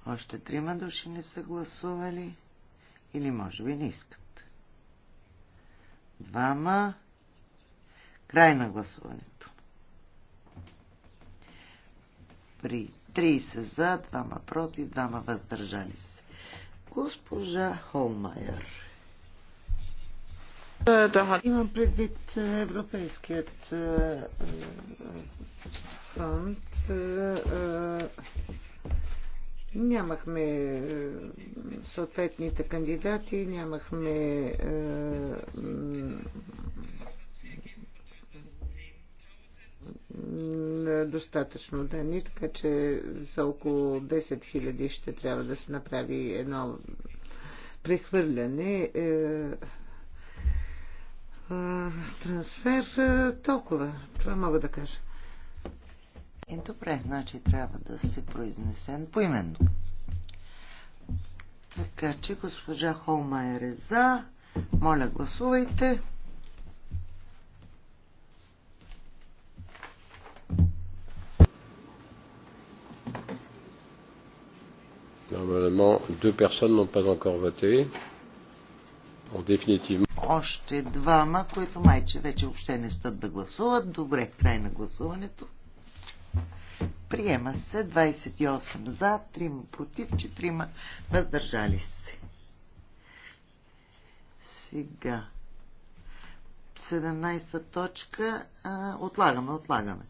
Още трима души не са гласували. Или може би не искат. Двама. Край на гласуването. При 30 за, двама против, двама въздържали се. Госпожа Холмайер. Имам предвид е, Европейският е, е, фонд Нямахме е, съответните кандидати, нямахме е, е, достатъчно данни, така че за около 10 000 ще трябва да се направи едно прехвърляне, е, е, трансфер, е, толкова. Това мога да кажа. И добре, значи трябва да се произнесем поименно. Така че госпожа Холма е за. Моля, гласувайте. Normalement, deux personnes n'ont pas encore voté. En définitive. Още двама, които майче вече въобще не стат да гласуват. Добре, край на гласуването. Приема се 28 за, 3 против, 4 въздържали се. Сега. 17-та точка. А, отлагаме, отлагаме.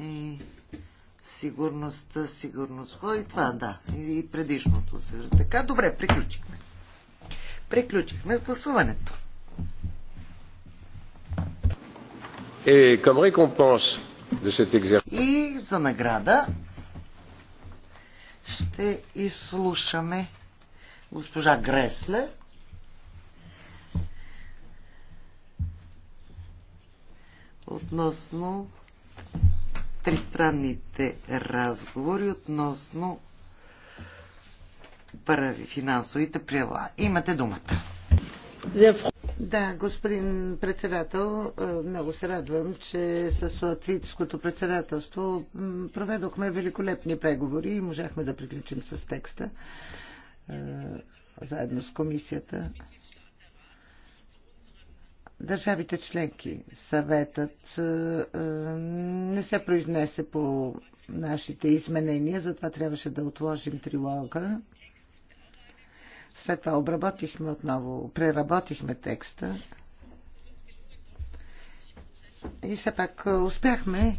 И е, сигурността, О, и е това, да. И предишното се. Така, добре, приключихме. Приключихме с гласуването. И за награда ще изслушаме госпожа Гресле. относно тристранните разговори относно прави финансовите правила. Имате думата. Да, господин председател, е, много се радвам, че с латвийското председателство проведохме великолепни преговори и можахме да приключим с текста е, заедно с комисията. Държавите членки, съветът е, не се произнесе по нашите изменения, затова трябваше да отложим трилога след това обработихме отново, преработихме текста и все пак е, успяхме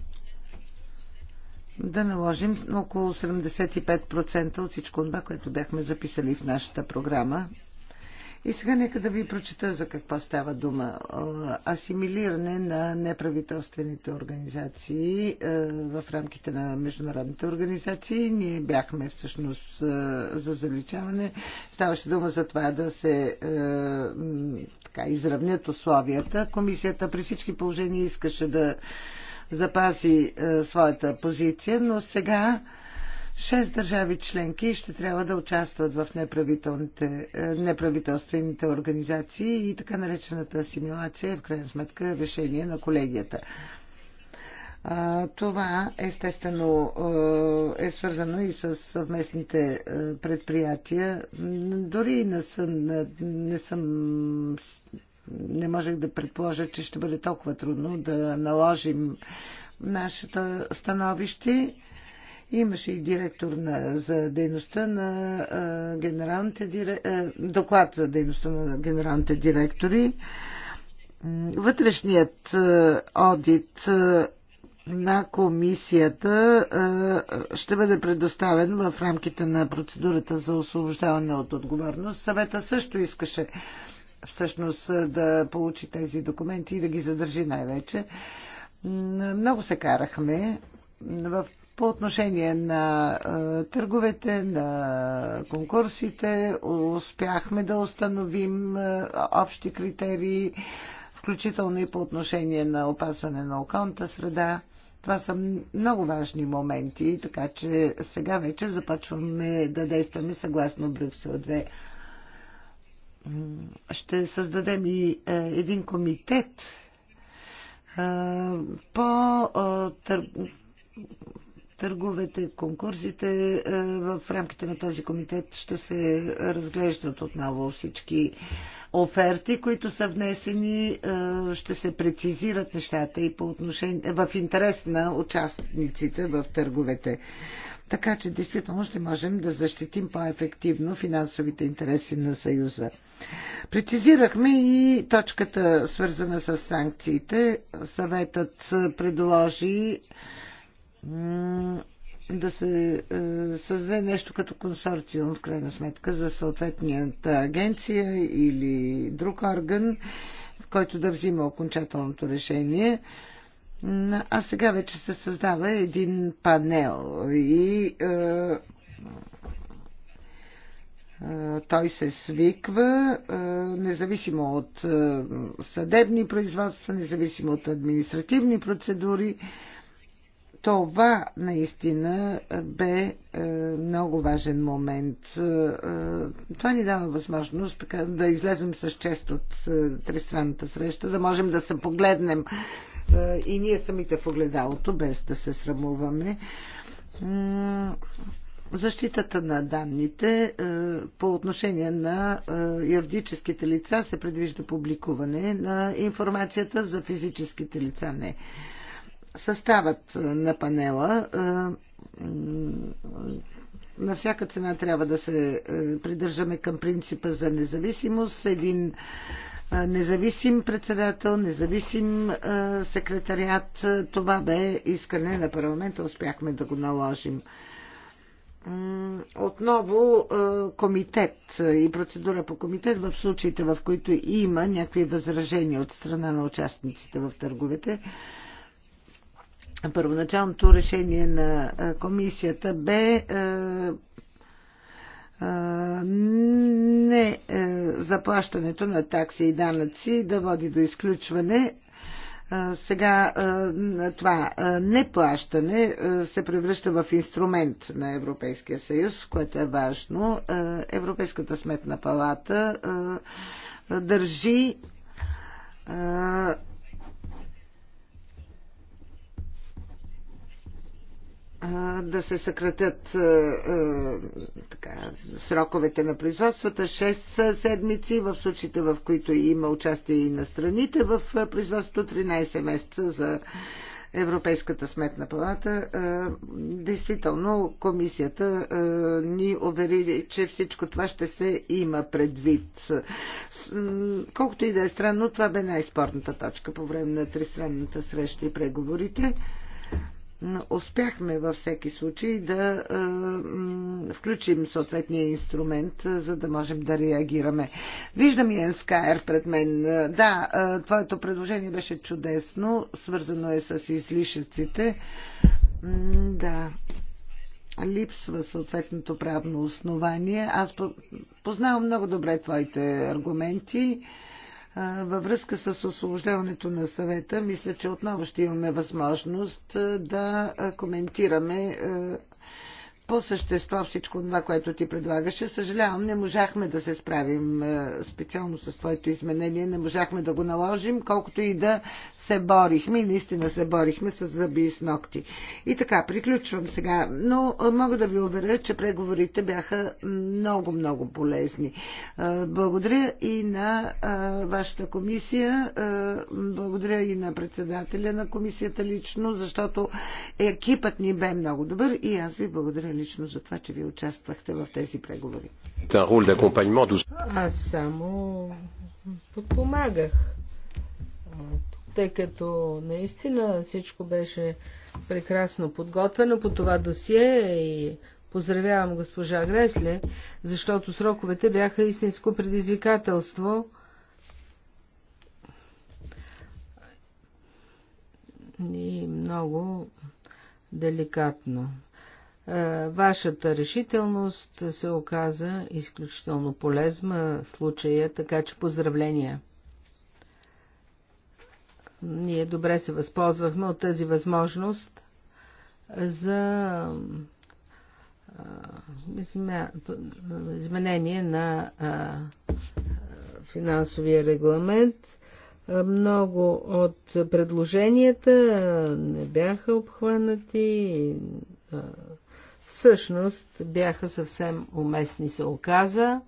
да наложим около 75% от всичко това, което бяхме записали в нашата програма и сега нека да ви прочета за какво става дума. Асимилиране на неправителствените организации е, в рамките на международните организации. Ние бяхме всъщност е, за заличаване. Ставаше дума за това да се е, така, изравнят условията. Комисията при всички положения искаше да запази своята позиция, но сега Шест държави членки ще трябва да участват в е, неправителствените организации и така наречената асимилация е в крайна сметка решение на колегията. Това естествено е, е свързано и с съвместните е, предприятия. Дори не съм, не съм не можех да предположа, че ще бъде толкова трудно да наложим нашето становище. Имаше и директор на, за дейността на а, генералните директори, доклад за дейността на генералните директори. Вътрешният а, одит а, на комисията а, ще бъде предоставен в рамките на процедурата за освобождаване от отговорност. Съвета също искаше всъщност да получи тези документи и да ги задържи най-вече. Много се карахме в по отношение на търговете, на конкурсите. Успяхме да установим общи критерии, включително и по отношение на опазване на околната среда. Това са много важни моменти, така че сега вече започваме да действаме съгласно Брюксел 2. Ще създадем и е, един комитет е, по е, Търговете, конкурсите е, в рамките на този комитет ще се разглеждат отново всички оферти, които са внесени. Е, ще се прецизират нещата и по отношение, в интерес на участниците в търговете. Така че действително ще можем да защитим по-ефективно финансовите интереси на Съюза. Прецизирахме и точката свързана с санкциите. Съветът предложи да се е, създаде нещо като консорциум, в крайна сметка, за съответната агенция или друг орган, който да взима окончателното решение. А сега вече се създава един панел и е, е, той се свиква, е, независимо от е, съдебни производства, независимо от административни процедури това наистина бе е, много важен момент. Е, е, това ни дава възможност така, да излезем с чест от тристранната среща, да можем да се погледнем и ние самите в огледалото, без да се срамуваме. Защитата на данните по отношение на юридическите лица се предвижда публикуване на информацията за физическите лица не съставът е, на панела е, на всяка цена трябва да се е, придържаме към принципа за независимост. Един независим председател, независим секретариат. Това бе искане на парламента. Успяхме да го наложим. Отново комитет и процедура по комитет в случаите, в които има някакви възражения от страна на участниците в търговете първоначалното решение на комисията бе не заплащането на такси и данъци да води до изключване. Сега това неплащане се превръща в инструмент на Европейския съюз, което е важно. Европейската сметна палата държи да се съкратят така, сроковете на производствата 6 седмици, в случаите в които има участие и на страните в производството 13 месеца за Европейската сметна палата. Действително, комисията ни увери, че всичко това ще се има предвид. Колкото и да е странно, това бе най-спорната точка по време на тристранната среща и преговорите успяхме във всеки случай да е, включим съответния инструмент, за да можем да реагираме. Виждам и НСКР пред мен. Да, е, твоето предложение беше чудесно, свързано е с излишъците. да, липсва съответното правно основание. Аз познавам много добре твоите аргументи във връзка с освобождаването на съвета, мисля, че отново ще имаме възможност да коментираме по същество всичко това, което ти предлагаше. Съжалявам, не можахме да се справим е, специално с твоето изменение, не можахме да го наложим, колкото и да се борихме и наистина се борихме с зъби и с ногти. И така, приключвам сега, но е, мога да ви уверя, че преговорите бяха много-много полезни. Е, благодаря и на вашата комисия, благодаря и на председателя на комисията лично, защото екипът ни бе много добър и аз ви благодаря лично за това, че ви участвахте в тези преговори. Аз само подпомагах, тъй като наистина всичко беше прекрасно подготвено по това досие и поздравявам госпожа Гресле, защото сроковете бяха истинско предизвикателство. и много деликатно. Е, вашата решителност се оказа изключително полезна в случая, така че поздравления! Ние добре се възползвахме от тази възможност за е, изменение на е, финансовия регламент. Много от предложенията не бяха обхванати всъщност бяха съвсем уместни, се оказа.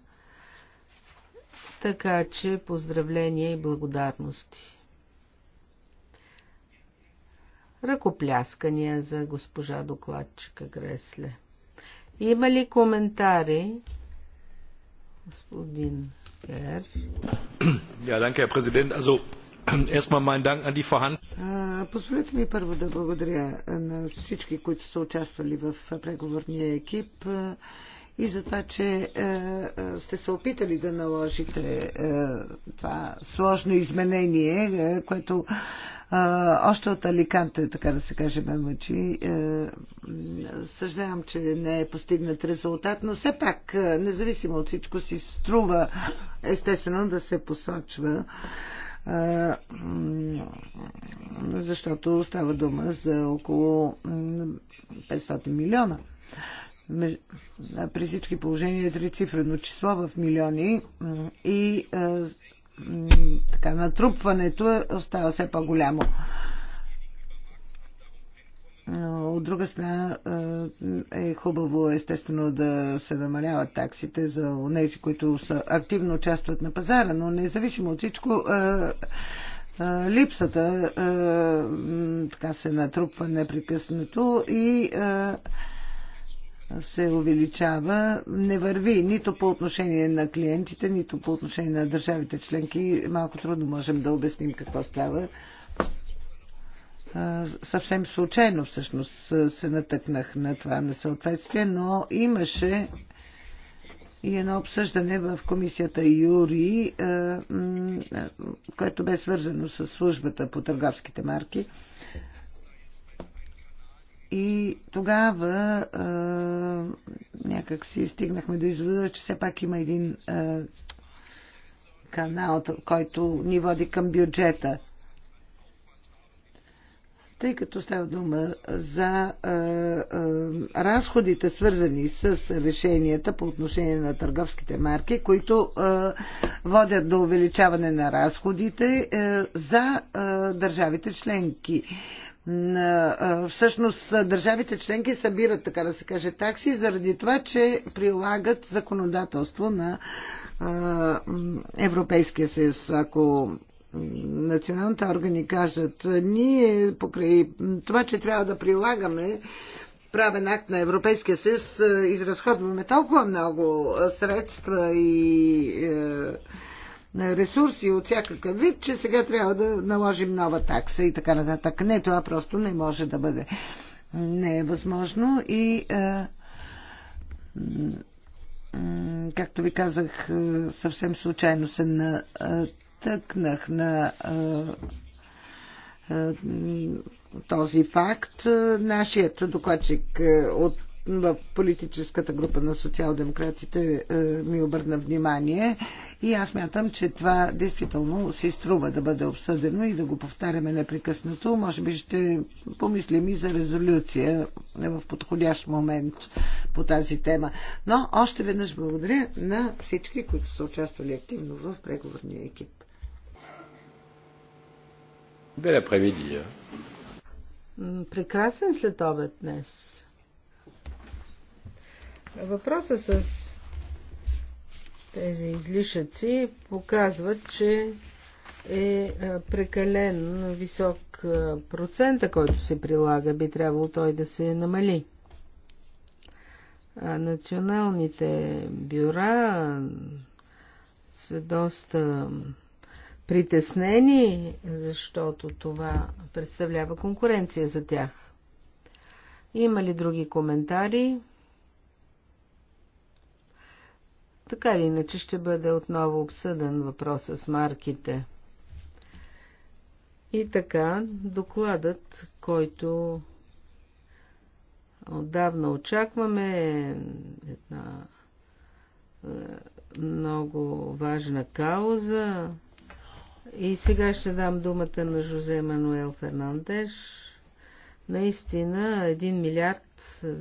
Така че поздравления и благодарности. Ръкопляскания за госпожа докладчика Гресле. Има ли коментари? Господин Гер. Да, danke, президент. Also, Позволете ми първо да благодаря на всички, които са участвали в преговорния екип и за това, че сте се опитали да наложите това сложно изменение, което още от Аликанте, така да се каже, ме мъчи. Съжалявам, че не е постигнат резултат, но все пак, независимо от всичко, си струва естествено да се посочва защото става дума за около 500 милиона. При всички положения е трицифрено число в милиони и така натрупването е, остава все по-голямо. От друга страна е, е хубаво естествено да се намаляват таксите за тези, които са активно участват на пазара, но независимо от всичко е, е, липсата така се натрупва непрекъснато и се увеличава, не върви нито по отношение на клиентите, нито по отношение на държавите членки. Малко трудно можем да обясним какво става съвсем случайно всъщност се натъкнах на това несъответствие, но имаше и едно обсъждане в комисията Юри, което бе свързано с службата по търговските марки. И тогава някак си стигнахме до извода, че все пак има един канал, който ни води към бюджета тъй като става дума за а, а, разходите, свързани с решенията по отношение на търговските марки, които а, водят до увеличаване на разходите а, за а, държавите членки всъщност държавите членки събират, така да се каже, такси, заради това, че прилагат законодателство на Европейския съюз. Ако националните органи кажат, ние покрай това, че трябва да прилагаме правен акт на Европейския съюз, е, изразходваме толкова много средства и е, ресурси от всякакъв вид, че сега трябва да наложим нова такса и така нататък. Не, това просто не може да бъде. Не е възможно и е, както ви казах, съвсем случайно се изтъкнах на този факт. Нашият докладчик е, от в политическата група на социал-демократите е, ми обърна внимание и аз мятам, че това действително си струва да бъде обсъдено и да го повтаряме непрекъснато. Може би ще помислим и за резолюция в подходящ момент по тази тема. Но още веднъж благодаря на всички, които са участвали активно в преговорния екип. Бел апремиди. Прекрасен след обед днес. Въпросът с тези излишъци показват, че е прекален висок процента, който се прилага. Би трябвало той да се намали. А националните бюра са доста притеснени, защото това представлява конкуренция за тях. Има ли други коментари? Така или иначе ще бъде отново обсъден въпроса с марките. И така, докладът, който отдавна очакваме, е една е, много важна кауза, и сега ще дам думата на Жозе Мануел Фернандеш. Наистина, 1 милиард, е,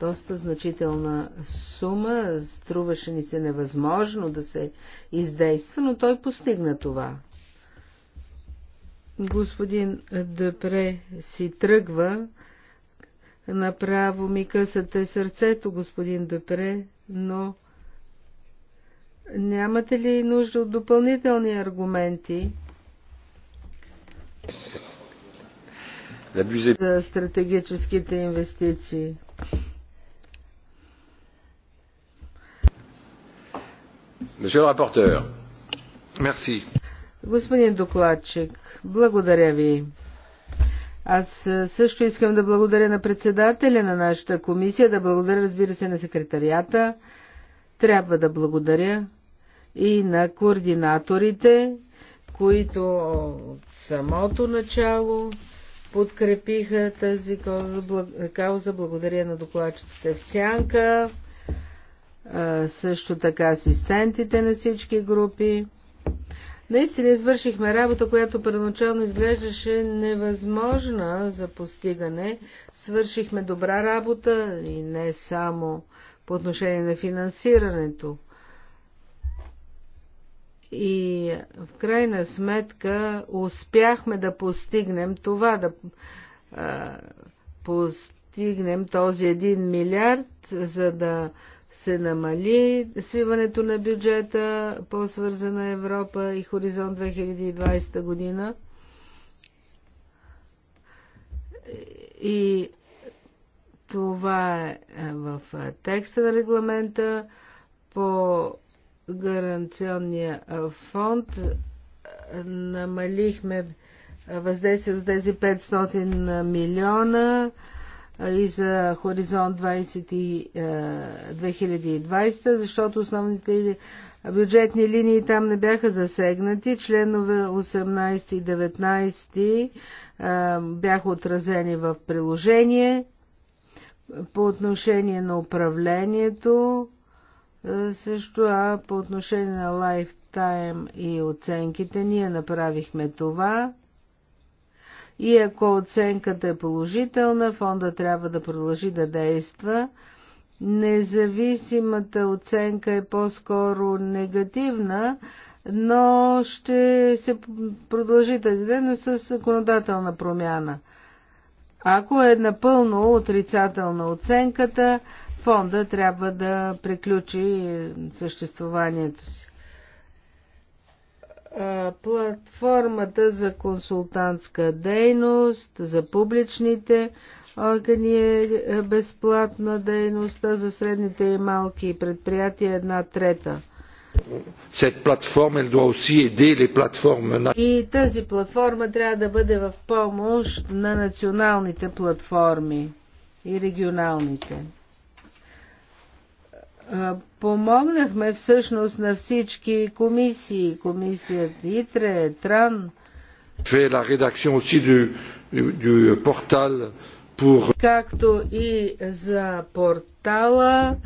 доста значителна сума, струваше ни се невъзможно да се издейства, но той постигна това. Господин Депре си тръгва, направо ми късате сърцето, господин Депре, но Нямате ли нужда от допълнителни аргументи? за стратегическите инвестиции. Господин докладчик, благодаря ви. Аз също искам да благодаря на председателя на нашата комисия, да благодаря, разбира се, на секретарията. Трябва да благодаря и на координаторите, които от самото начало подкрепиха тази кауза. Благодаря на докладчиците в Сянка, също така асистентите на всички групи. Наистина извършихме работа, която първоначално изглеждаше невъзможна за постигане. Свършихме добра работа и не само по отношение на финансирането. И в крайна сметка успяхме да постигнем това, да а, постигнем този 1 милиард, за да се намали свиването на бюджета по свързана Европа и Хоризонт 2020 година. И това е, е в текста на регламента по гаранционния фонд намалихме въздействие от тези 500 милиона и за хоризонт 20, 2020, защото основните бюджетни линии там не бяха засегнати. Членове 18 и 19 бяха отразени в приложение. По отношение на управлението, също а по отношение на лайфтайм и оценките, ние направихме това. И ако оценката е положителна, фонда трябва да продължи да действа. Независимата оценка е по-скоро негативна, но ще се продължи тази дейност с законодателна промяна. Ако е напълно отрицателна оценката, фонда трябва да приключи съществуването си. Платформата за консултантска дейност, за публичните органи е, е безплатна дейността, за средните и малки предприятия е една трета. И тази платформа трябва да бъде в помощ на националните платформи и регионалните помогнахме всъщност на всички комисии, комисията ИТРЕ, ТРАН. Както и за портала,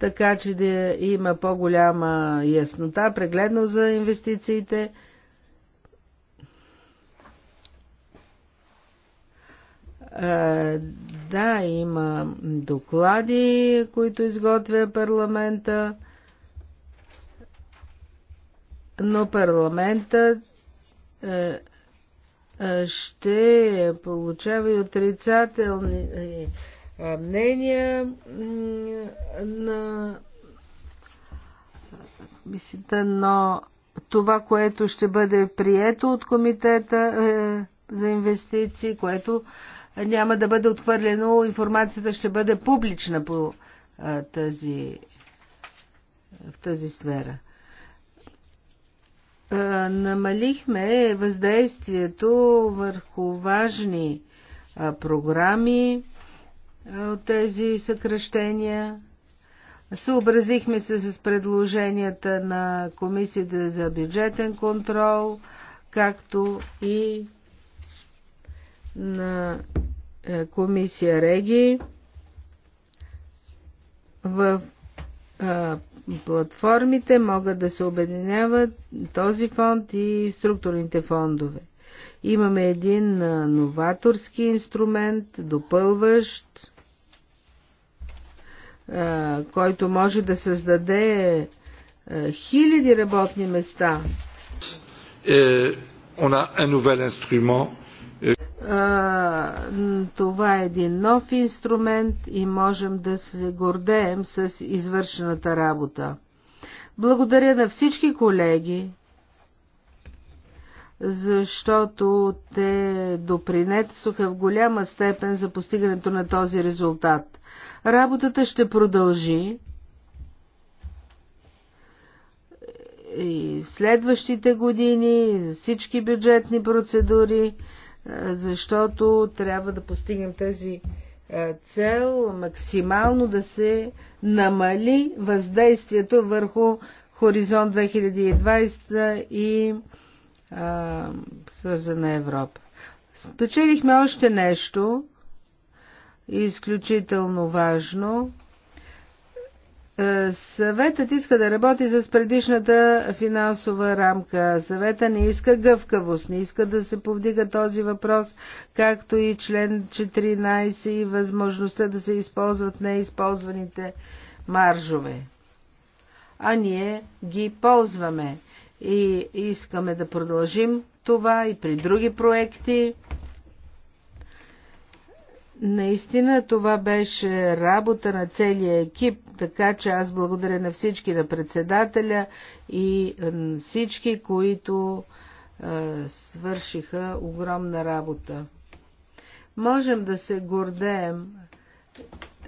така че да има по-голяма яснота, прегледно за инвестициите. Е, да, има доклади, които изготвя парламента, но парламента е, е, ще получава и отрицателни мнения на Мислите, но това, което ще бъде прието от комитета за инвестиции, което няма да бъде отхвърлено, информацията ще бъде публична по а, тази, в тази сфера. А, намалихме въздействието върху важни а, програми от тези съкръщения. Съобразихме се с предложенията на Комисията за бюджетен контрол, както и на е, комисия Реги в а, е, платформите могат да се обединяват този фонд и структурните фондове. Имаме един а, е, новаторски инструмент, допълващ, а, който може да създаде а, хиляди работни места. Е, on a un nouvel instrument това е един нов инструмент и можем да се гордеем с извършената работа. Благодаря на всички колеги, защото те допринесоха в голяма степен за постигането на този резултат. Работата ще продължи и в следващите години, за всички бюджетни процедури, защото трябва да постигнем тези цел максимално да се намали въздействието върху Хоризонт 2020 и а, Свързана Европа. Спечелихме още нещо изключително важно Съветът иска да работи с предишната финансова рамка. Съвета не иска гъвкавост, не иска да се повдига този въпрос, както и член 14 и възможността да се използват неизползваните маржове. А ние ги ползваме и искаме да продължим това и при други проекти. Наистина това беше работа на целия екип, така че аз благодаря на всички, на председателя и всички, които е, свършиха огромна работа. Можем да се гордеем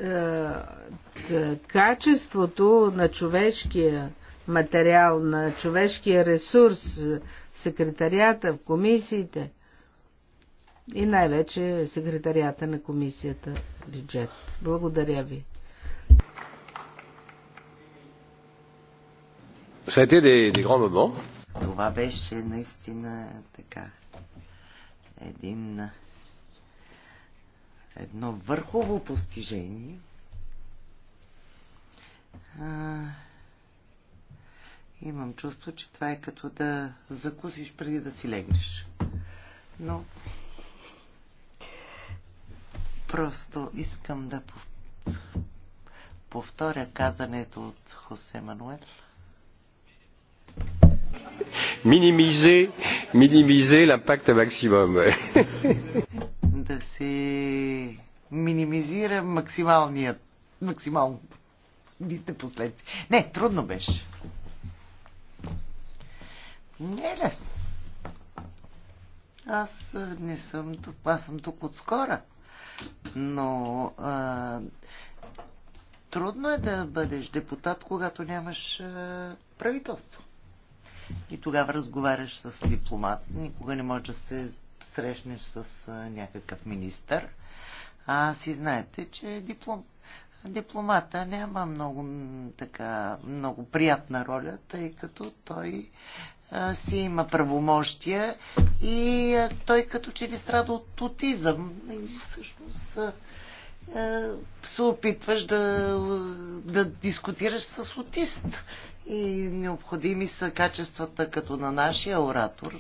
е, качеството на човешкия материал, на човешкия ресурс, в секретарията, в комисиите – и най-вече секретарията на комисията бюджет. Благодаря ви. Това беше наистина така един едно върхово постижение. А, имам чувство, че това е като да закусиш преди да си легнеш. Но Просто искам да повторя казането от Хосе Мануел. Минимизер, минимизер л'impact максимум. да се минимизира максималният, максималните последствия. Не, трудно беше. Не е лесно. Аз не съм тук, аз съм тук отскоро но а, трудно е да бъдеш депутат, когато нямаш а, правителство. И тогава разговаряш с дипломат, никога не можеш да се срещнеш с а, някакъв министър. А си знаете, че е диплом, дипломата няма много, така, много приятна роля, тъй като той си има правомощия и той като че ли страда от тутизъм. Всъщност се опитваш да, да дискутираш с аутист. И необходими са качествата като на нашия оратор,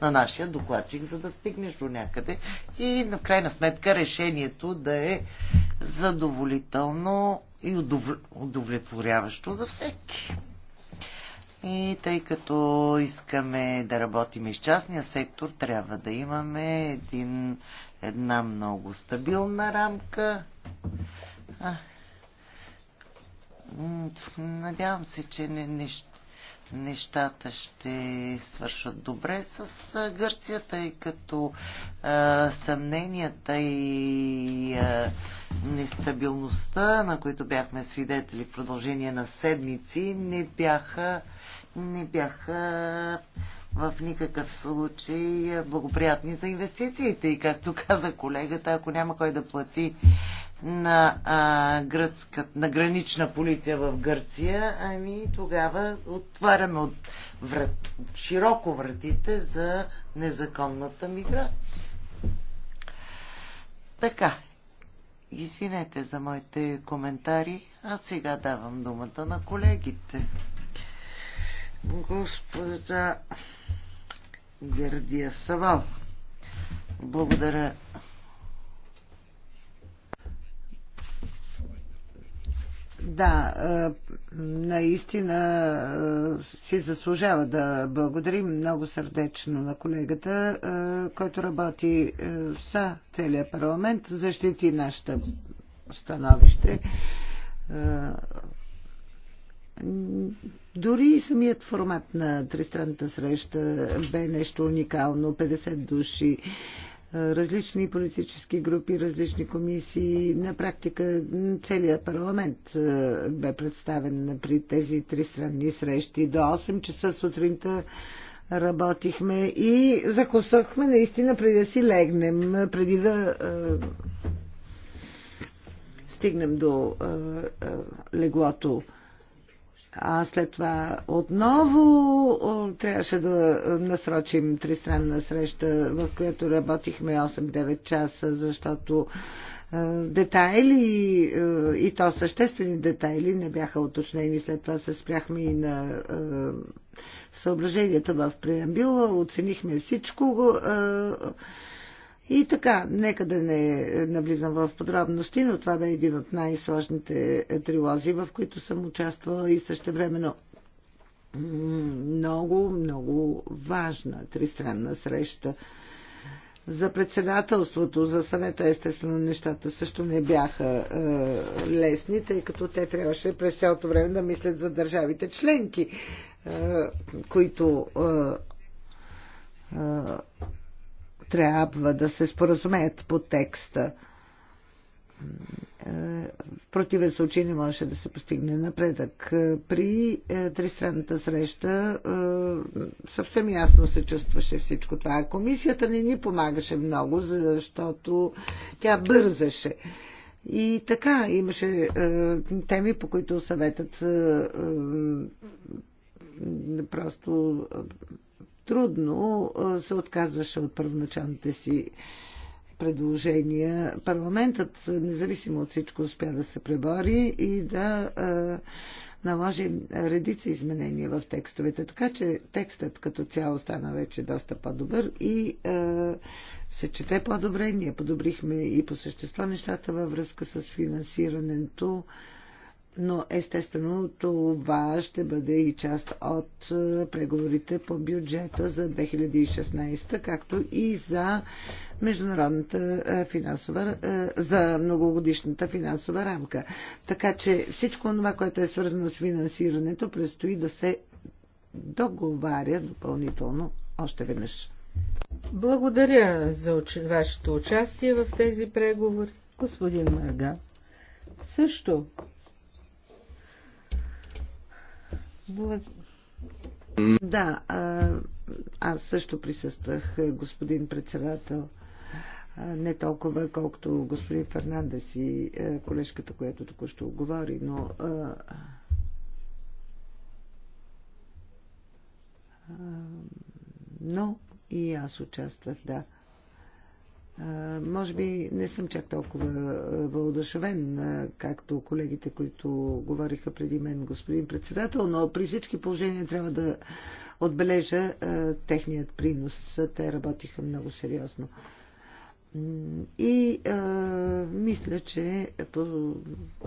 на нашия докладчик, за да стигнеш до някъде. И на крайна сметка решението да е задоволително и удовлетворяващо за всеки. И тъй като искаме да работим и с частния сектор, трябва да имаме един, една много стабилна рамка. А, надявам се, че не, нещ, нещата ще свършат добре с Гърция, тъй като а, съмненията и а, нестабилността, на които бяхме свидетели в продължение на седмици, не бяха не бяха в никакъв случай благоприятни за инвестициите. И както каза колегата, ако няма кой да плати на, а, гръцка, на гранична полиция в Гърция, ами тогава отваряме от врат, широко вратите за незаконната миграция. Така, извинете за моите коментари, а сега давам думата на колегите. Господа Гърдия Савал. Благодаря. Да, наистина си заслужава да благодарим много сърдечно на колегата, който работи са целия парламент, защити нашата становище дори самият формат на тристранната среща бе нещо уникално. 50 души, е, различни политически групи, различни комисии. На практика целият парламент е, бе представен при тези тристранни срещи. До 8 часа сутринта работихме и закусахме наистина преди да си легнем, преди да е, стигнем до леглото. А след това отново трябваше да насрочим тристранна среща, в която работихме 8-9 часа, защото детайли и то съществени детайли не бяха уточнени. След това се спряхме и на съображенията в преамбила, оценихме всичко и така, нека да не навлизам в подробности, но това бе един от най-сложните трилози, в които съм участвала и също времено много, много важна тристранна среща. За председателството, за съвета, естествено, нещата също не бяха е, лесни, тъй като те трябваше през цялото време да мислят за държавите членки, е, които е, е, трябва да се споразумеят по текста. Е, в противен случай не можеше да се постигне напредък. Е, при е, тристранната среща съвсем ясно се чувстваше всичко това. Комисията не ни помагаше много, защото тя бързаше. И така, имаше теми, по които съветът просто трудно се отказваше от първоначалните си предложения. Парламентът, независимо от всичко, успя да се пребори и да наложи редица изменения в текстовете, така че текстът като цяло стана вече доста по-добър и е, се чете по-добре. Ние подобрихме и по същество нещата във връзка с финансирането. Е, но естествено това ще бъде и част от е, преговорите по бюджета за 2016, както и за международната е, финансова, е, за многогодишната финансова рамка. Така че всичко това, което е свързано с финансирането, предстои да се договаря допълнително още веднъж. Благодаря за вашето участие в тези преговори, господин Марга. Също Благ... Да, аз също присъствах, господин председател. Не толкова, колкото господин Фернандес и колежката, която току-що говори, но но и аз участвах, да. Може би не съм чак толкова въодушевен, както колегите, които говориха преди мен, господин председател, но при всички положения трябва да отбележа техният принос. Те работиха много сериозно. И а, мисля, че по,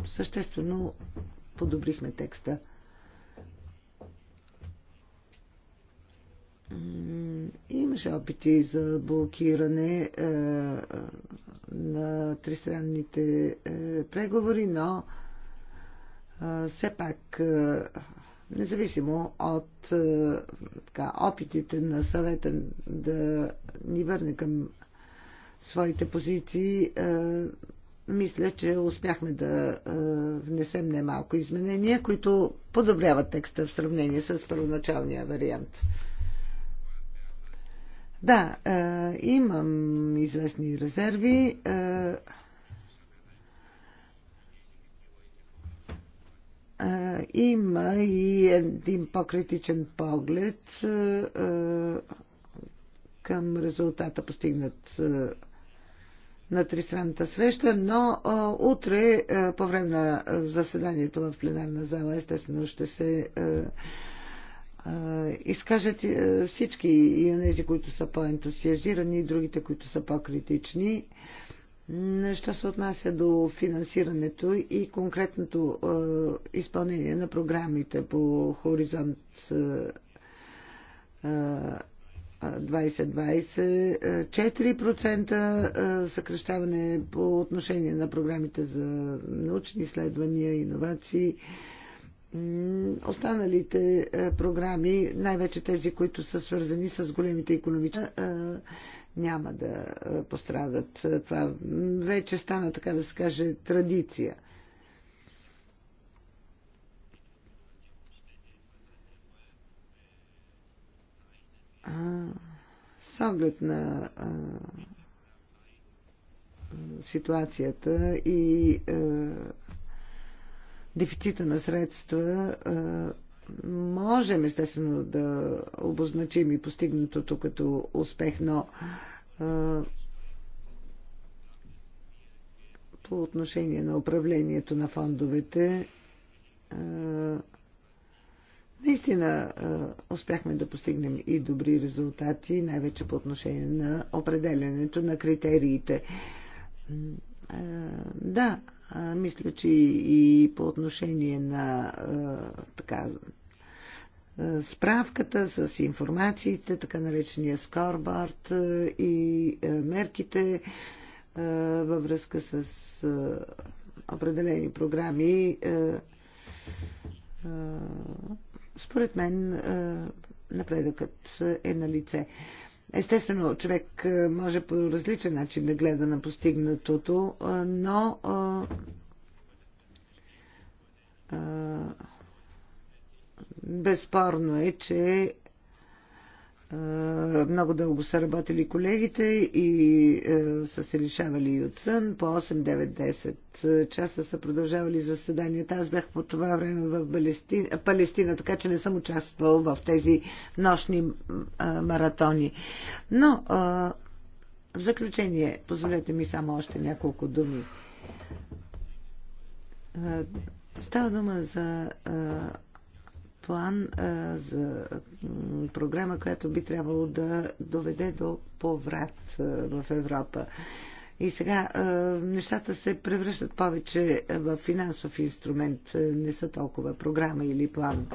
съществено подобрихме текста имаше опити за блокиране е, е, на тристранните е, преговори, но все пак, независимо от така, опитите на съвета да ни върне към своите позиции, мисля, че успяхме да внесем немалко изменения, които подобряват текста в сравнение с първоначалния вариант. Да, е, имам известни резерви. Е, е, има и един по-критичен поглед е, е, към резултата постигнат е, на тристранната среща, но е, утре е, по време на заседанието в пленарна зала естествено ще се Е, изкажат е, всички и тези, които са по-ентусиазирани, и другите, които са по-критични. Що се отнася до финансирането и конкретното е, изпълнение на програмите по Хоризонт е, 2020, е, 4% е, съкръщаване по отношение на програмите за научни изследвания, иновации останалите е, програми, най-вече тези, които са свързани с големите економически, е, няма да е, пострадат. Това вече стана, така да се каже, традиция. С оглед на ситуацията и дефицита на средства можем естествено да обозначим и постигнатото като успех, но по отношение на управлението на фондовете Наистина успяхме да постигнем и добри резултати, най-вече по отношение на определенето на критериите. Да, мисля, че и по отношение на така, справката с информациите, така наречения скорбард и мерките във връзка с определени програми. Според мен напредъкът е на лице. Естествено, човек е, може по различен начин да гледа на постигнатото, е, но е, безспорно е, че много дълго са работили колегите и е, са се лишавали и от сън. По 8, 9, 10 часа са продължавали заседанията. Аз бях по това време в Палестина, Палестина така че не съм участвал в тези нощни е, маратони. Но е, в заключение, позволете ми само още няколко думи. Е, става дума за. Е, план за програма, която би трябвало да доведе до поврат в Европа. И сега а, нещата се превръщат повече в финансов инструмент, не са толкова програма или план.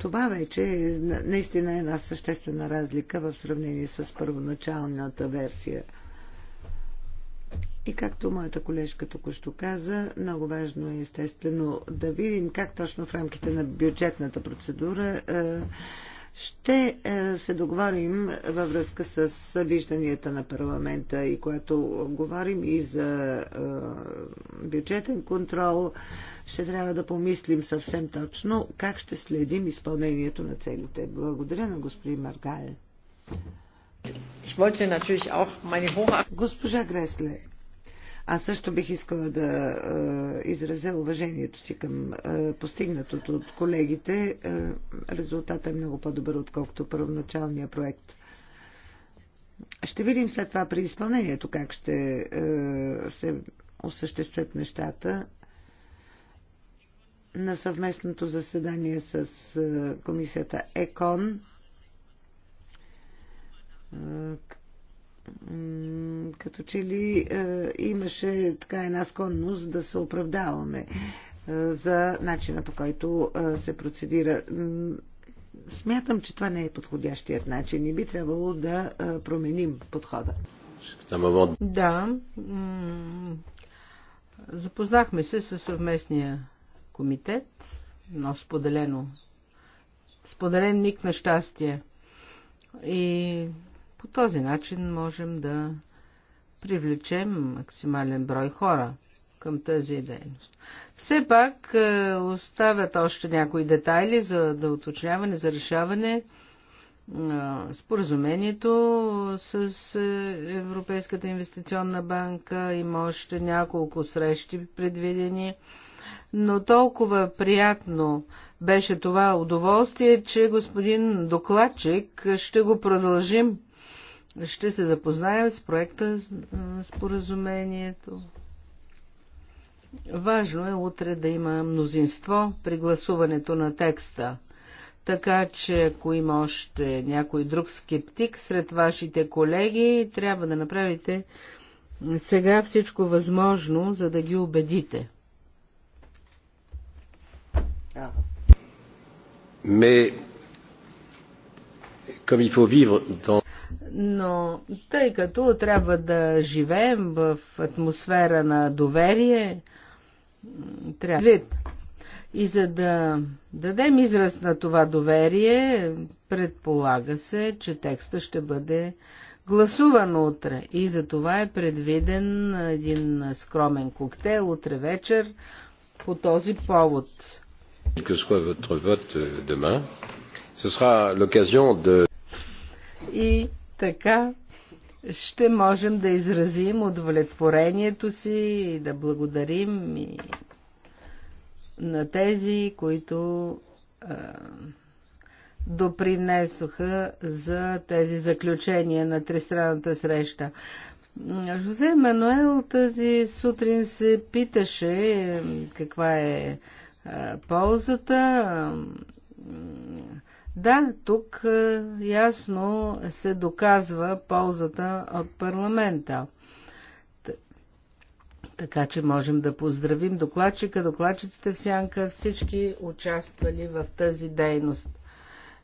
това вече е, наистина е една съществена разлика в сравнение с първоначалната версия. И както моята колежка току-що каза, много важно е естествено да видим как точно в рамките на бюджетната процедура е, ще е, се договорим във връзка с вижданията на парламента и когато говорим и за е, бюджетен контрол, ще трябва да помислим съвсем точно как ще следим изпълнението на целите. Благодаря на господин Маргаль. Госпожа Гресле, аз също бих искала да е, изразя уважението си към е, постигнатото от колегите. Е, резултатът е много по-добър, отколкото първоначалния проект. Ще видим след това при изпълнението как ще се осъществят нещата на съвместното заседание с комисията ЕКОН като че ли е, имаше така една склонност да се оправдаваме е, за начина по който е, се процедира. Смятам, че това не е подходящият начин и би трябвало да променим подхода. Да. Запознахме се със съвместния комитет, но споделено. Споделен миг на щастие. И по този начин можем да привлечем максимален брой хора към тази дейност. Все пак е, оставят още някои детайли за да уточняване, за решаване споразумението с е, Европейската инвестиционна банка. Има още няколко срещи предвидени. Но толкова приятно беше това удоволствие, че господин докладчик е, ще го продължим ще се запознаем с проекта споразумението. Важно е утре да има мнозинство при гласуването на текста. Така че, ако има още някой друг скептик сред вашите колеги, трябва да направите сега всичко възможно, за да ги убедите. Mais, comme il faut vivre dans но тъй като трябва да живеем в атмосфера на доверие, трябва вид. И за да дадем израз на това доверие, предполага се, че текста ще бъде гласуван утре. И за това е предвиден един скромен коктейл утре вечер по този повод. Que soit votre vote euh, demain, ce sera l'occasion de и така ще можем да изразим удовлетворението си и да благодарим и на тези, които а, допринесоха за тези заключения на тристранната среща. Жозе Мануел тази сутрин се питаше каква е а, ползата. А, да, тук е, ясно се доказва ползата от парламента. Така че можем да поздравим докладчика, докладчиците в Сянка, всички участвали в тази дейност.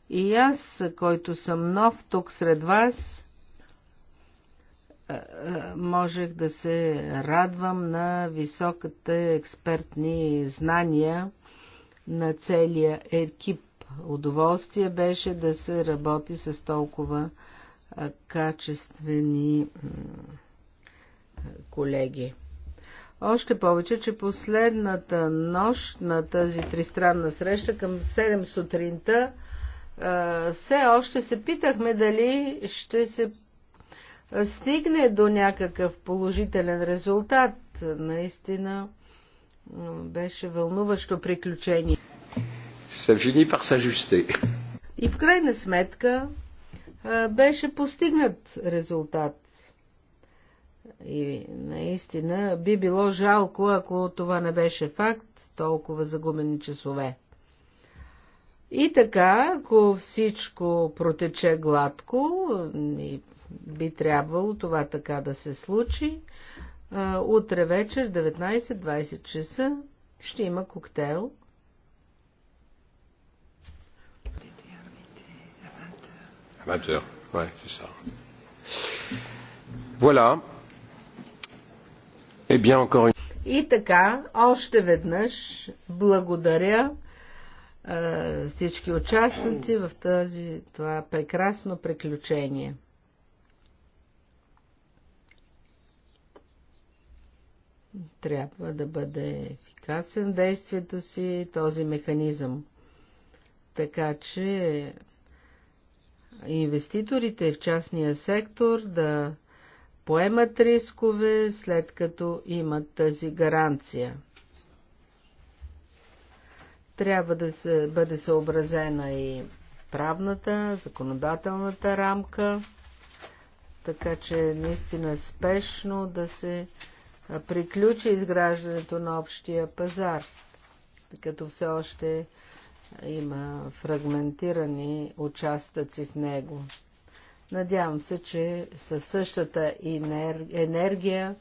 И аз, който съм нов тук сред вас, е, е, можех да се радвам на високите експертни знания на целия екип удоволствие беше да се работи с толкова качествени колеги. Още повече, че последната нощ на тази тристранна среща към 7 сутринта все още се питахме дали ще се стигне до някакъв положителен резултат. Наистина беше вълнуващо приключение ça finit И в крайна сметка беше постигнат резултат. И наистина би било жалко, ако това не беше факт, толкова загубени часове. И така, ако всичко протече гладко, и би трябвало това така да се случи, утре вечер 19-20 часа ще има коктейл À 20 heures. Ouais, c'est ça. Voilà. Eh bien, encore une... И така, още веднъж благодаря всички участници в тази, това прекрасно приключение. Трябва да бъде ефикасен действията си този механизъм. Така че инвеститорите в частния сектор да поемат рискове, след като имат тази гаранция. Трябва да се, бъде съобразена и правната, законодателната рамка, така че наистина спешно да се приключи изграждането на общия пазар, като все още има фрагментирани участъци в него. Надявам се, че със същата енергия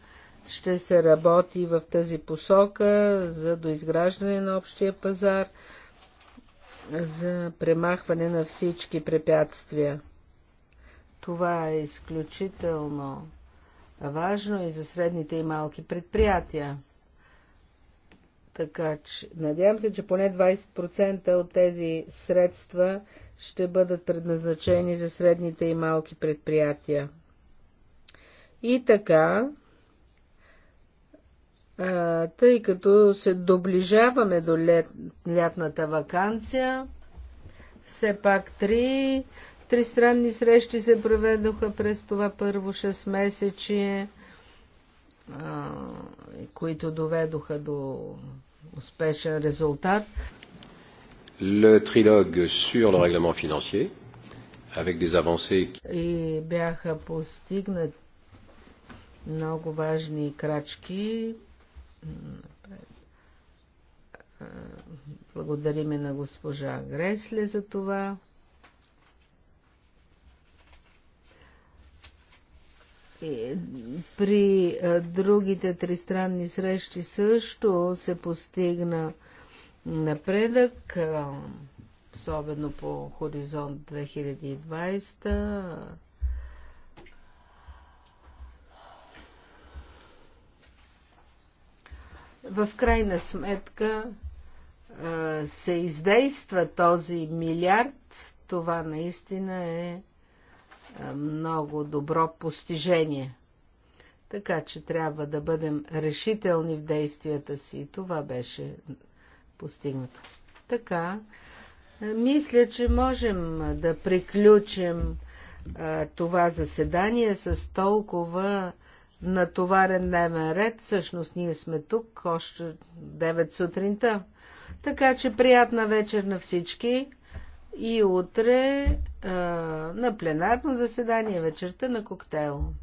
ще се работи в тази посока за доизграждане на общия пазар, за премахване на всички препятствия. Това е изключително важно и за средните и малки предприятия. Така че, надявам се, че поне 20% от тези средства ще бъдат предназначени за средните и малки предприятия. И така, тъй като се доближаваме до лет, лятната вакансия, все пак три тристранни срещи се проведоха през това първо 6 месечие които доведоха до успешен резултат. Le trilogue sur le règlement financier, avec des avancées. И бяха постигнати много важни крачки. Благодариме на госпожа Гресле за това. Е, при е, другите тристранни срещи също се постигна напредък, е, особено по хоризонт 2020. В крайна сметка се издейства този милиард, това наистина е е, много добро постижение. Така че трябва да бъдем решителни в действията си. Това беше постигнато. Така, е, мисля, че можем да приключим а, е, това заседание с толкова натоварен дневен ред. Всъщност ние сме тук още 9 сутринта. Така че приятна вечер на всички и утре а, на пленарно заседание вечерта на коктейл.